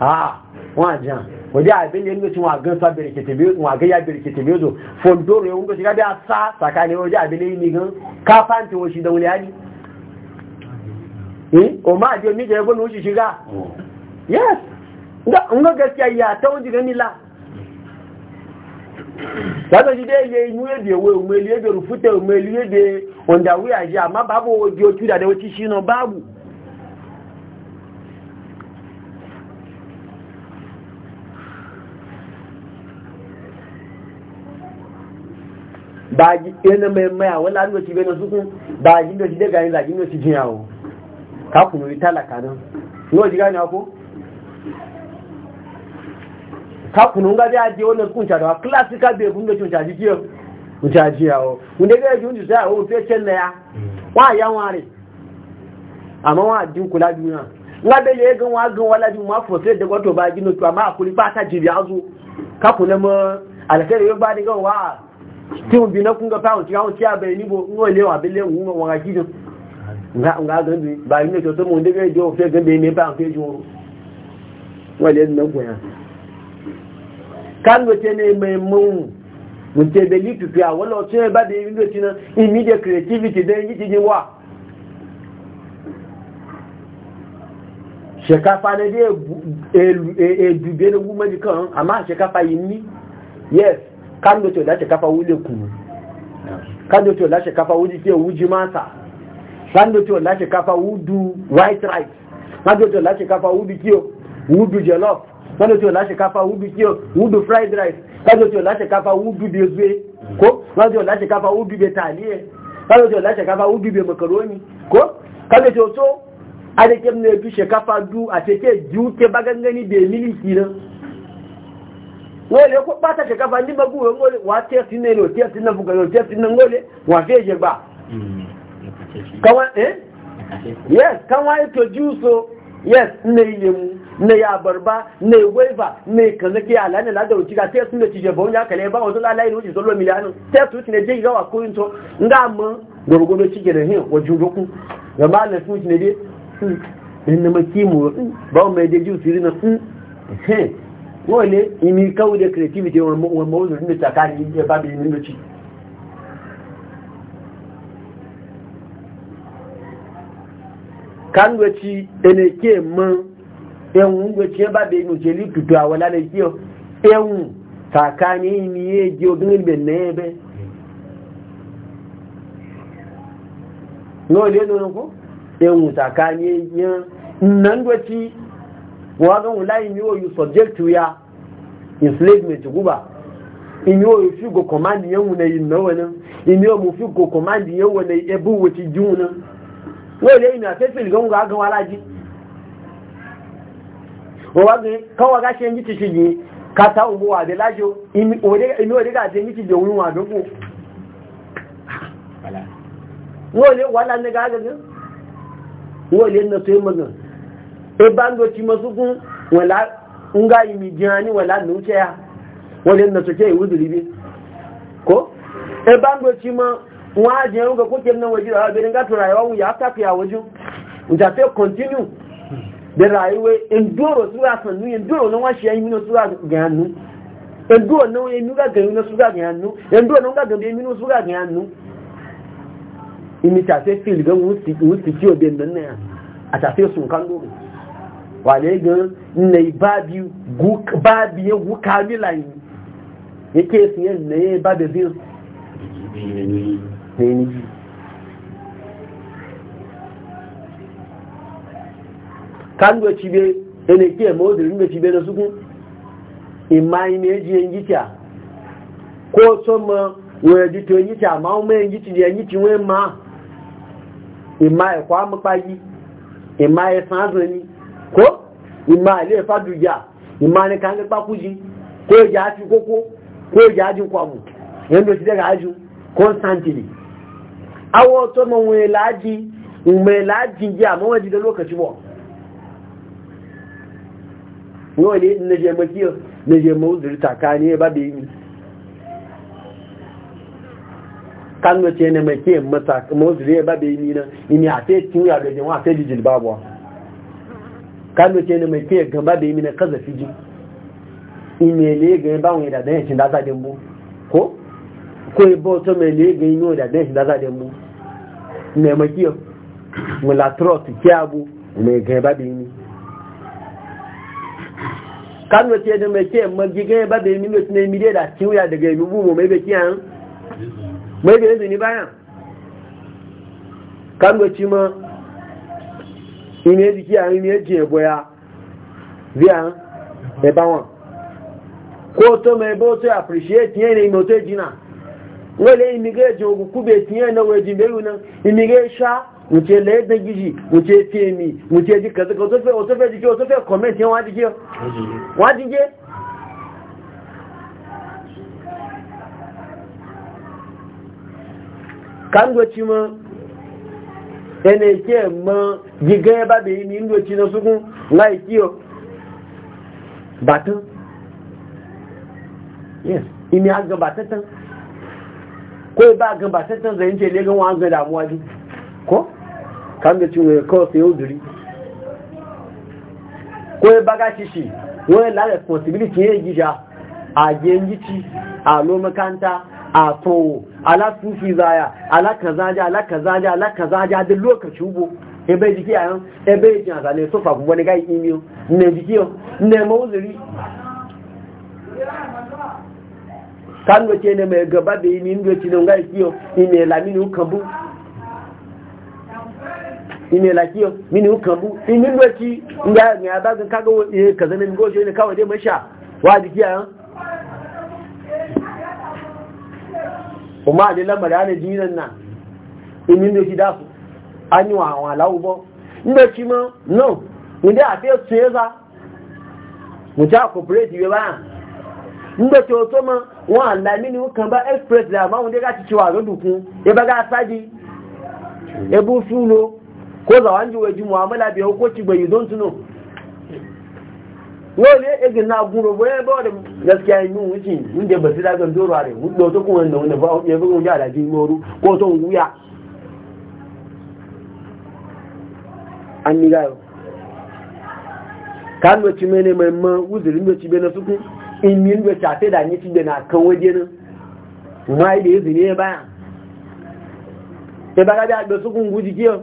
a wajen wajen abin yin mutum a sa birkita biyu wa ga ya birkita biyu zo fondoro ya wunga shiga da sa tsakanin wajen abin yin ni gan ka fanta da wuli hali eh o ma je mi je gwani wuce shiga oh. yes nga gaskiya ya ta wuce la. sọ́dọ̀ jíde ilé inú èdè owó òmèlú èdè òrùfútẹ̀ òmèlú èdè òǹdàwí àjẹ́ àmá bábò ojú ojú ìdàdẹ̀ ó ti ṣínà báàbù báyí ẹnà mẹ́mẹ́ àwọn láàrín òtí bẹ́nà súnkún báyí ló ti dẹ́gà kakunu nga bya je wona kuncha da classic ka be bunga chuncha jiyo kuncha jiyo unde ga junju sa o na ya wa ya ware amma wa din kula duniya nga be ye gan wa gan wala din ma fo se de goto ba jino to a akuri ba ta jibi azu kakunu mo alkhairi yo ba ni gan wa ti un bi na kunga pa o ti awon ti abe ni bo ngo le wa be le un mo wa kido nga nga gan bi ba ni to to mo de ga je o fe gan be ni ba an fe ju wọ́n lè nà kan wace ne mai mun wace be yi tufiya wala wace ne ba da yi wace na immediate creativity da yi cikin wa shekafa ne dai edube na goma ji kan amma shekafa yi ni yes kan wace da shekafa wule kuma kan wace da shekafa wuji ke wuji masa kan wace da shekafa wudu white rice kan wace da shekafa wudu kiyo wudu jollof kánò tí o láṣẹ káfà wúdú udu fried rice kánò tí o láṣẹ káfà wúdú bí ezue kó kánò tí o láṣẹ káfà wúdú bí tàlíẹ̀ kánò tí makaroni kó kánò tí o tó adeke mu ebi ṣe du àtẹ̀tẹ̀ ju tẹ bá gángan ní bẹ̀ mílíkì náà wọ́n lè kó pátá ṣe káfà ní bá gbúwẹ̀ ńgọ́lẹ̀ wà á tẹ́ sí náà lò tẹ́ sí náà fún kẹlẹ́ tẹ́ sí náà ńgọ́lẹ̀ wà fẹ́ ṣe gbà. Hmm, na ya barba na ya waiva na ya kaza ke alani na da wuce ga sai sun da cije bawon ya kale ba wasu lalayi na wuce zolo miliyanin sai su ne jai gawa ko yin to nga mun gurgudu cike da hin wajen roku ga ma na sun ne dai hmm, in na maki mu hmm, ba mu mai jeji su rina hmm, wale imi kawo da creativity wa mawuzin da tsakani ya babu yin ci kan wace ene ke man ehun gbe ba be nu jeli le ki o ehun takani mi ye je obin be nebe no le no ko ehun takani yan nan gbe ti wa ga wala o subject to ya enslavement guba o fi go command yan no wona o mu fi go command yan ebu juna no le ina fe fe ga ga wala ji wọ́wọ́gbé kọwọ́ gáṣẹ́ ní ti ṣìyí kàtà òmú àdé lájò inú òdígà àti ní ti jẹ òun wà lókù wọ́n lè wà lánà gágagán wọ́n lè nà tó é mọ́gàn ẹbá ń gọ́tí mọ́súkún wọ́n lá ń gá ìmì jẹun ní wọ́n lá nù ṣẹ́ ya wọ́n lè nà tó ṣe ìwúdù rí bí kó ẹbá ń gọ́tí mọ́ wọ́n á jẹun gọ́kó jẹun náà wọ́jú da rayuwa in doro sura sannu in doro nan washi yayi mino sura ga hannu in doro nan nuga ga mino sura ga hannu in doro ga ga mino sura ga hannu imi se fil ga wuti wuti ti o den ya a ta se sun kan doro wale ga ne babi gu babi ya gu yi yake sun ne babi bin ne ni kando cibe ene ke mo dirin da cibe na suku imai ne ji en gitia ko so mo we di to en gitia ma o me en giti en giti we ma imai kwa mo payi imai san ni ko imai le fa Ima imai ne kan pa kuji ko ja ti koko ko ja ji kwa mu en do ti daga aju constantly awo to mo we laji umelaji ya mo wa di lokaci bo yau ne na je makiyar na je ba yi na ce na makiyar mawuzuri ba da yi nina ini a sai cin yaro jin wa sai jijil babuwa kan na ce na makiyar gan ba da yi mina kaza fiji imele gan ba wani da dan yashin da zaɗin bu ko ko yi bauta mai le gan yi da dan yashin da zaɗin gan ba da yi ni kan wace da mai ke magi ga ba da yi ne mi da kiwa daga yi bubu mai da kiyan mai da izini bayan kan wace ma ime jiki a ime jiye boya biya e bawon e e e ko to mai bo to appreciate yene ime to jina wale imi ga je ogun kube tiyan na weji belu na imi ga sha wuce layar da gizi wuce femi wuce ji kaza ka sofe osofe jike osofe comment yin wajike wajike kan doci ma ma mọ́ gígẹ́ ẹbá yi ni doci na sukun láì kí o bàtán yes imi agan bàtán tán kó ibá agan bàtán tán yi tẹ́lẹ̀ gan wọn agan damuwa jù ko kan da cewa kawai sai ko ya e baga shishi, wo wani e la responsibility ya e gija a gengici a lo makanta a to ala sufi zaya ala kazaja ala kazaja ala kazaja duk lokaci ubo ebe jiki a e be jiki so fa sofa kuma wani imi imiyo ne jiki yau ne mauzuri kan wace ne mai gaba da yi ni wace ne ngai yau? ne lamini ukabu ine lafiyo mini hukamu in min doki in ga me ya bagin kaga eh kaza ne go ne kawai dai masha wa jiki a kuma eh? da lamar ne jinan nan in min doki da su an yi wa wa lawo bo in doki ma no in a fiye su yaza mu ta corporate yi ba in doki oto ma wọn àlà mini hukan ba express da ma wọn dai ga ci ciwa ga dukun ya baga asadi ebu fulo ko za wani waje mu'amala bai hukunci bai yi don tuno wani e ga na guro bayan ba da gaskiya yi min wuce inda ba su dagan zoro a rai hudu wata kuma wanda wanda ba hudu ya bugun ya da jin moru ko son wuya an ni gayo kan wace mene mai ma wuzirin wace bai na suku in min wace a sai da ni ci na waje nan ma yi da ya zine bayan ba ga da suku guji kiyo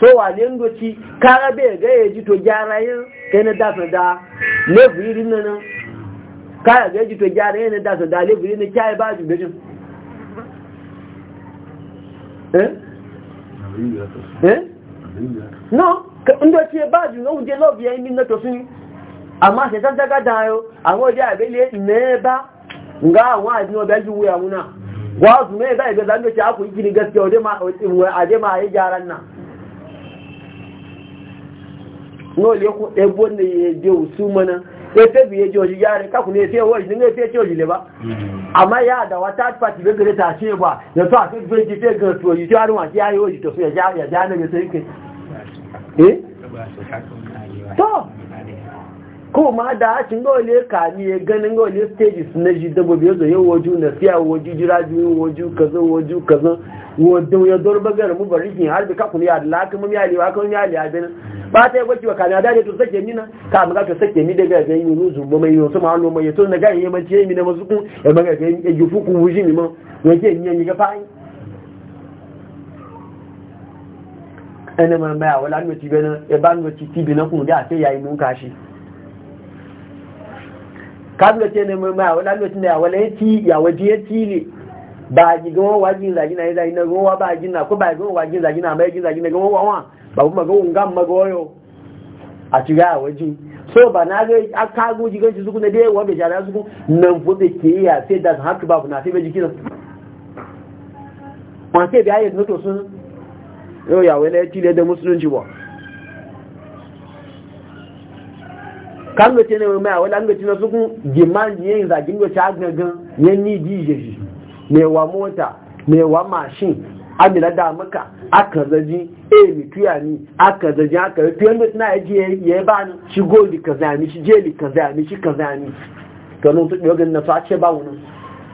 so wale ngoci kara bai ga ya ji to gyara yin kai na dasa da lefuri na nan kara ga ya ji to gyara yin na dasa da lefuri na kyaye ba ju gajin eh eh no ngoci ba ju na wuje love ya yi na to sun amma sai san daga da yo àwọn je abele ne ba nga àwọn ajin obe ju we àwọn na wa su me ba ibe zan ngoci aku ikini gaskiya ode ma ode ma gyaran na no le ko e bonne ye de usumana e te biye joji yare ka kune se wo ni se joji le ba mm-hmm. ama ya da wata party be ta ba da to a ce be ji te ga to yi jaru eh? wa ya yi wo ji to so ya ja ja ne ke eh to ko ma da hacin ga wale kami ya ganin gole wale stages na ji dabobi ya zoye waju na siya waju jira biyu waju kazan waju kazan wadda ya zoro bagara mu bari shi har bi ka kuma ya laka mu ya liwa kan ya liya bin ba ta yi gwaci wa kami da to sake ni na ka mu ga to sake mi daga ga yi ruzu ba mai yosu ma hannu mai ya to na ga yi mace mi na masu ya maga ga yi ji fuku wuji mi ma yake ni ni ga fa'i ana ma mai awala no ti bena e ban no ti ti bena kun da ta yayi mun kashi kabla ce ne mai mai wani lokacin da ya yaci ya waje yaci ne ba ji gawa waji zagi na zagi na gawa ba ji na ko ba gawa waji zagi na mai zagi na gawa wawa ba kuma ga ungan magoyo a ciga waje so ba na ga aka kago ji shi suku na dai wa shi jara suku nan fude ke ya sai da haka ba na sai be jikin ma sai biya ayi noto sun yo ya wala yaci da musulunci ba kan ga tene mai a wala ngati na suku demand yin zagin gingo ta gangan yan ni je shi me wa mota me wa mashin amina da maka aka zaji e mi tuya ni aka zaji aka yi tuyan suna ya yaji e e, ya ba ni shi goldi ka zami shi jeli ka zami shi ka zami to nun tuɗi yogin na ce ba wani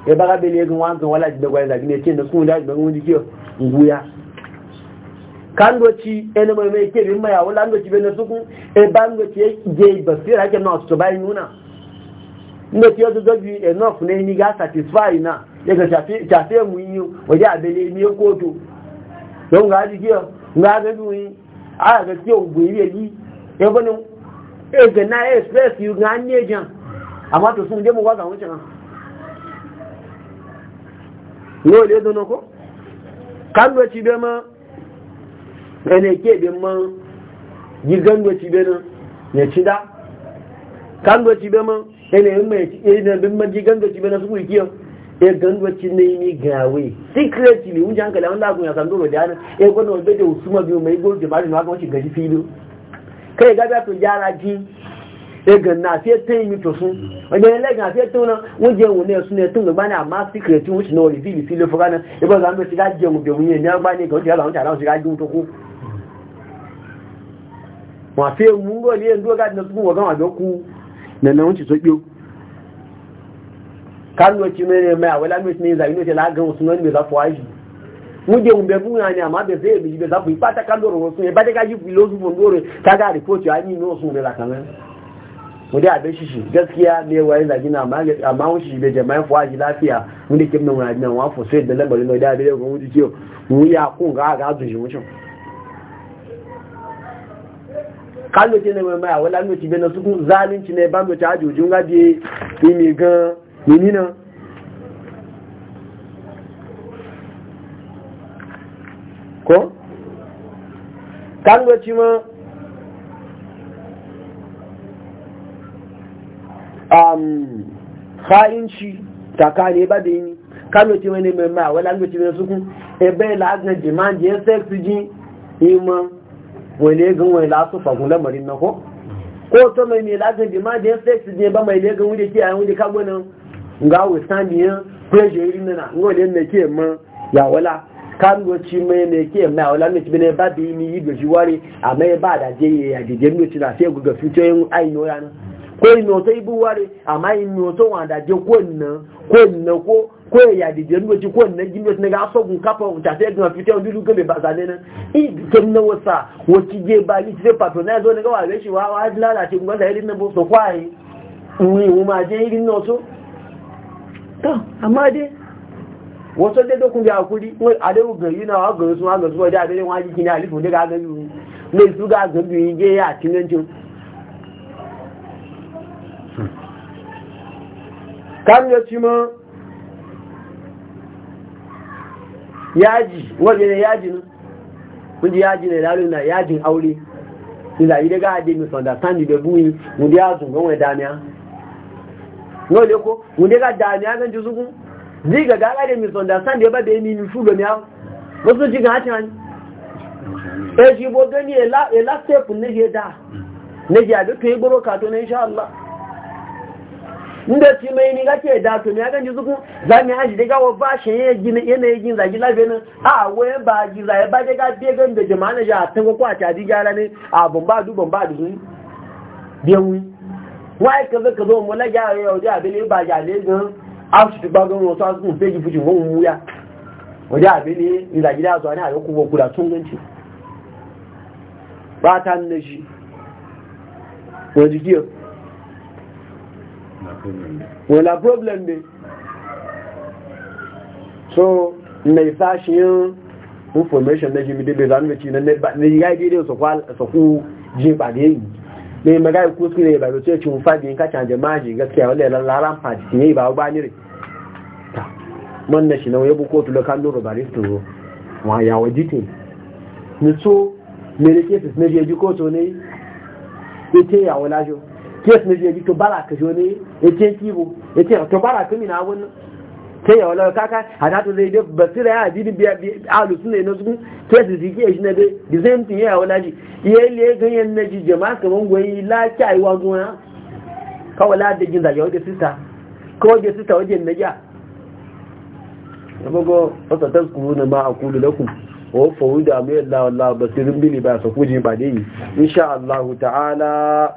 ya e ba ga bele yogin wanzan wala da gwai zagi ne ce da sun da gwai wani kiyo nguya kangoci ene mai mai kebin mai awon langoci bene sukun e bangoci ya je basira ke nurse to bayan nuna inda ti yadda zabi enough ne ni ga satisfy na ya ga shafe mu yi waje abele ni ya koto don ga ji kiyo ga ga duyi a ga kiyo bu yi yi ya bani e ga na express yu ga ne jan amma to sun je mu ga wucin ha no le dono ko kangoci be ma ene ke bin man gigan goci benin ya ci da kan goci be man ene yin mai e ene bin man gigan goci benin su kuki e gan goci ne ni gawe secretly un jan kala wanda kun ya dole da e da da usuma biyu mai gol da bari ma ga wacin gaji filo kai e da to jara ji e gan na fi e tin mi to sun wanda ele gan fi tun na un je won ne sun ne tun gba na ma secret un shi no reveal filo fogana e ba zan be ti ga je mu be mun ye ni agba ni ga o ti ala un ta ala o ti ga wọ́n fẹ́ mú ń gọ́ ilé ẹ̀ ń dúró káàdì lọ́sùn wọ̀gán àjọ kú nẹ̀nà ń ti sójú kánú ti mẹ́rin ẹ̀mẹ́ àwẹ́lá mẹ́rin ní ìzà inúṣẹ́ lágán òsùn náà ní ìzáfọ́ ayé mú jẹ́ òun bẹ fún ìrìn àmà bẹ̀fẹ́ èmì ìbẹ̀ sáfù ipá takalóró òsùn ẹ̀bá jẹ́kájú fi lóṣù fún lóore kága gaskiya ne wa yin zagina amma wun shi bai jama'in fuwa shi lafiya da kim nan wani nan wa fosfate da da mu ga ga kallo ce ne mai maya wala mai ci bena sukun zalunci ne ba mai caji ujun gaje yi mai gan nini nan ko ma um kha'inci ba ma ne mai maya wala mai suku bena sukun ebe la'azin jiman je sex jin iman wani gan na ko ko to mai mai bi ma da ya sex ne ba mai legan wuri ke ayan wuri kago nan ga wistani ya kweshe irin nana ngo da ne ke ma ya wala kan go ci mai ne ke ma ya wala ne ci ba bi ni yi goji wari a mai ba da je ya je ci da sai guga ai no ko ino wari amma ino to wanda je ko nan ko nan ko ko ya dije nwa ci ko na gimbe na ga so gun kafa ta te ga fite on dilu gambe ba zane na i ken na wasa wo ci je ba ni se patronize ne ga wa be shi wa wa dilala ci gun da irin na bo so kwai e. ni mu ma je irin no so to amma dai wasu dai dokun ya kuri a dai ga yi na wa ga su wa ga su da dai wa ji kini alifu ne ga ga yi ne su ga ga bi je ya ma yaji wajen ne yajin kunji yaji ne lalu na yajin aure ila yi daga ade mi sonda sandi be buyi mu dia zun gon we damia no le ko mu daga damia gan juzugu ziga ga ade mi sonda sandi ba be mi ni fulo mi aw wasu ji ga tan e ji bo gani ela ela step ne je da ne je adu ke gboro ka to ne insha Allah inda ci mai ni gake da to ya ganji zuku za mu haji daga wa ba shi ya gina yanayin gin zagi lafiya nan a wayan ba gi za ya e ba daga biye gan da jama'a ja ta ko kwa ta di gyara ne a bomba du bomba du biyan wi wai ka zo ka zo mu la ya yau da abin ba ja le gan a su ba gan wasu asu fe gi fuji won mu ya wajen abin ne in zagi da zuwa ne a yau kuma kula tun ganci ba ta nashi wani jiya. wala problem ne so me mai sashiyin information na jimi dabe za nuna ci na ya yi daidai su ku ji ba da yi ne maga ku su ne ba da ce cin fadi in kacan jama'a ji gaskiya la yana laran fadi ne ba ba ne ta man na shi na wayo kotu la kan lura bari to wa ya wajite ni so me ne ke su ne je ji kotu ne ite ya wala jo kes e e na jeji to bara ka shone ya ce kibo ya to bara ka mina wani ke yawa lawa kaka a tatu zai ba basira ya ajini biya alu suna yana su kes da zike shi na da zai mutum ya yawa laji iya ile ganyen na ji jama'a kaman goyi laki a yi wa zuwa kawai ladagin zage wajen sista kawai wajen sista wajen na ja ya bago wata ta na ma a kudu da ku wa fa'uda mai Allah Allah basirin bili ba sa kuji ba dai insha Allah ta'ala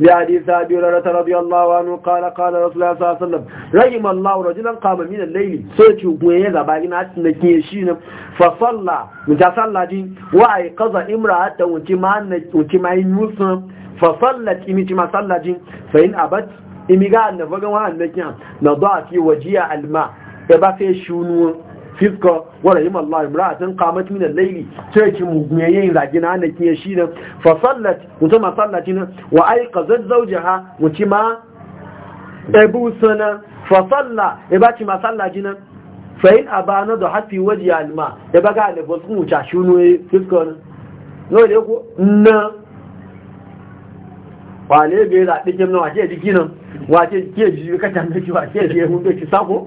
لحديث أبي هريرة رضي الله عنه قال قال رسول الله صلى الله عليه وسلم رحم الله رجلا قام من الليل سيتو كويه زباغين أتنكي شينا فصلى متصلى دي وأيقظ امرأة وكما ينوسن فصلت إمتما صلى دي فإن أبت إمي قال نفقا وأنكي نضع في وجيه الماء يبقى في شنوه fiska wa rahimallahu imra'atan qamat tun al-layli sai ki mummiyayen ragina na kiye shi ne fa sallat mutuma sallatin wa aika ha zawjaha ma ebu sana fa salla ibati e ma sallajina fa in abana da hafi waji alma ya baga ne ba sun wuce shunu fiska no ne ku na wale ga da dikin nan wace dikin nan wace ke kacan da tambaye wace ke hudu ki sako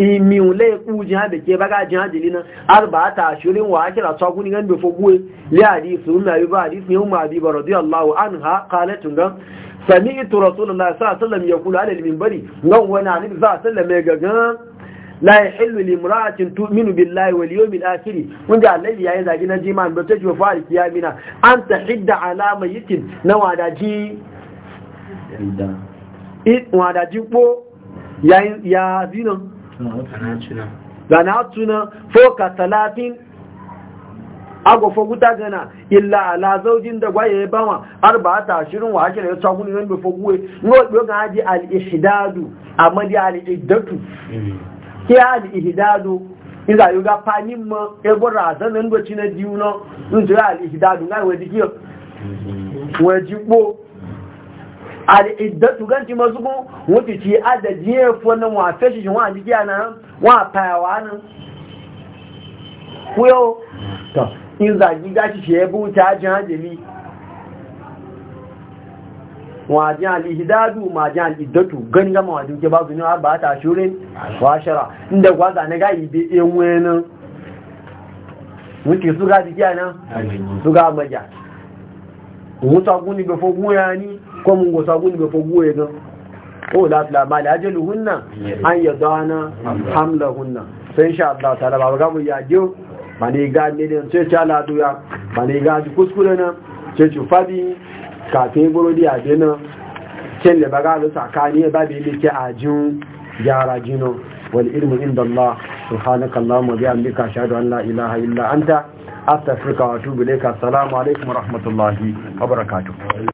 imiun le ku jihad ke baga jihad lina arba'ata ashurin wa akira tsagun ngan be foguwe li hadith sunna bi hadith ne umma bi radiyallahu anha qalat ngam sami'tu rasulullahi sallallahu alaihi wasallam yaqulu ala al-minbari ngam wana nabi sallallahu alaihi wasallam ga gan la yahillu li imra'atin tu'minu billahi wal yawmil akhir wanda Allah ya yi zagi na jiman ba ta jiwa fari kiyamina an tahidda ala mayitin na wadaji it wadaji po ya ya zinan gana hatuna foka talatin agwafo guta gana illa ala zaujin da gwaye ya bawa arba ashirin wa ashirin ya tsaku ne zambe foguwe ne wadda ga haji al-ihdadu a madi al-ihdatu mm. ke al-ihdadu in za yi ga fanin ma ebo razan nan doci na diyu na in jira al-ihdadu ga wajen kiyo mm-hmm. al'iddatu ganci masu wuce ci adadi e ya fi wannan wafe shi shi wani jiya na wa fayawa nan kuyo to in zagi gashi shi ya buta ajin hajjali wajen al'idadu majen al'iddatu gani gama wajen ke ba su ne ba ta shure washara inda gwaza e na gayi bi enwe nan wuce su ga jiya nan su ga maja wuta guni ko mun go sabu ni be fogu o gan la la mal ajaluhunna an hamla hunna sai insha Allah ta'ala baba ga mu yaje jiyo ga ne da sai ta la duya mani ga ji kuskure na sai ci fadi ka te burodi a dena ken le baga da sakani ba bi liki ajin yara jino wal ilmu inda Allah subhanaka wa bihamdika ashhadu an la ilaha illa anta astaghfiruka wa atubu ilaika assalamu alaikum wa rahmatullahi wa barakatuh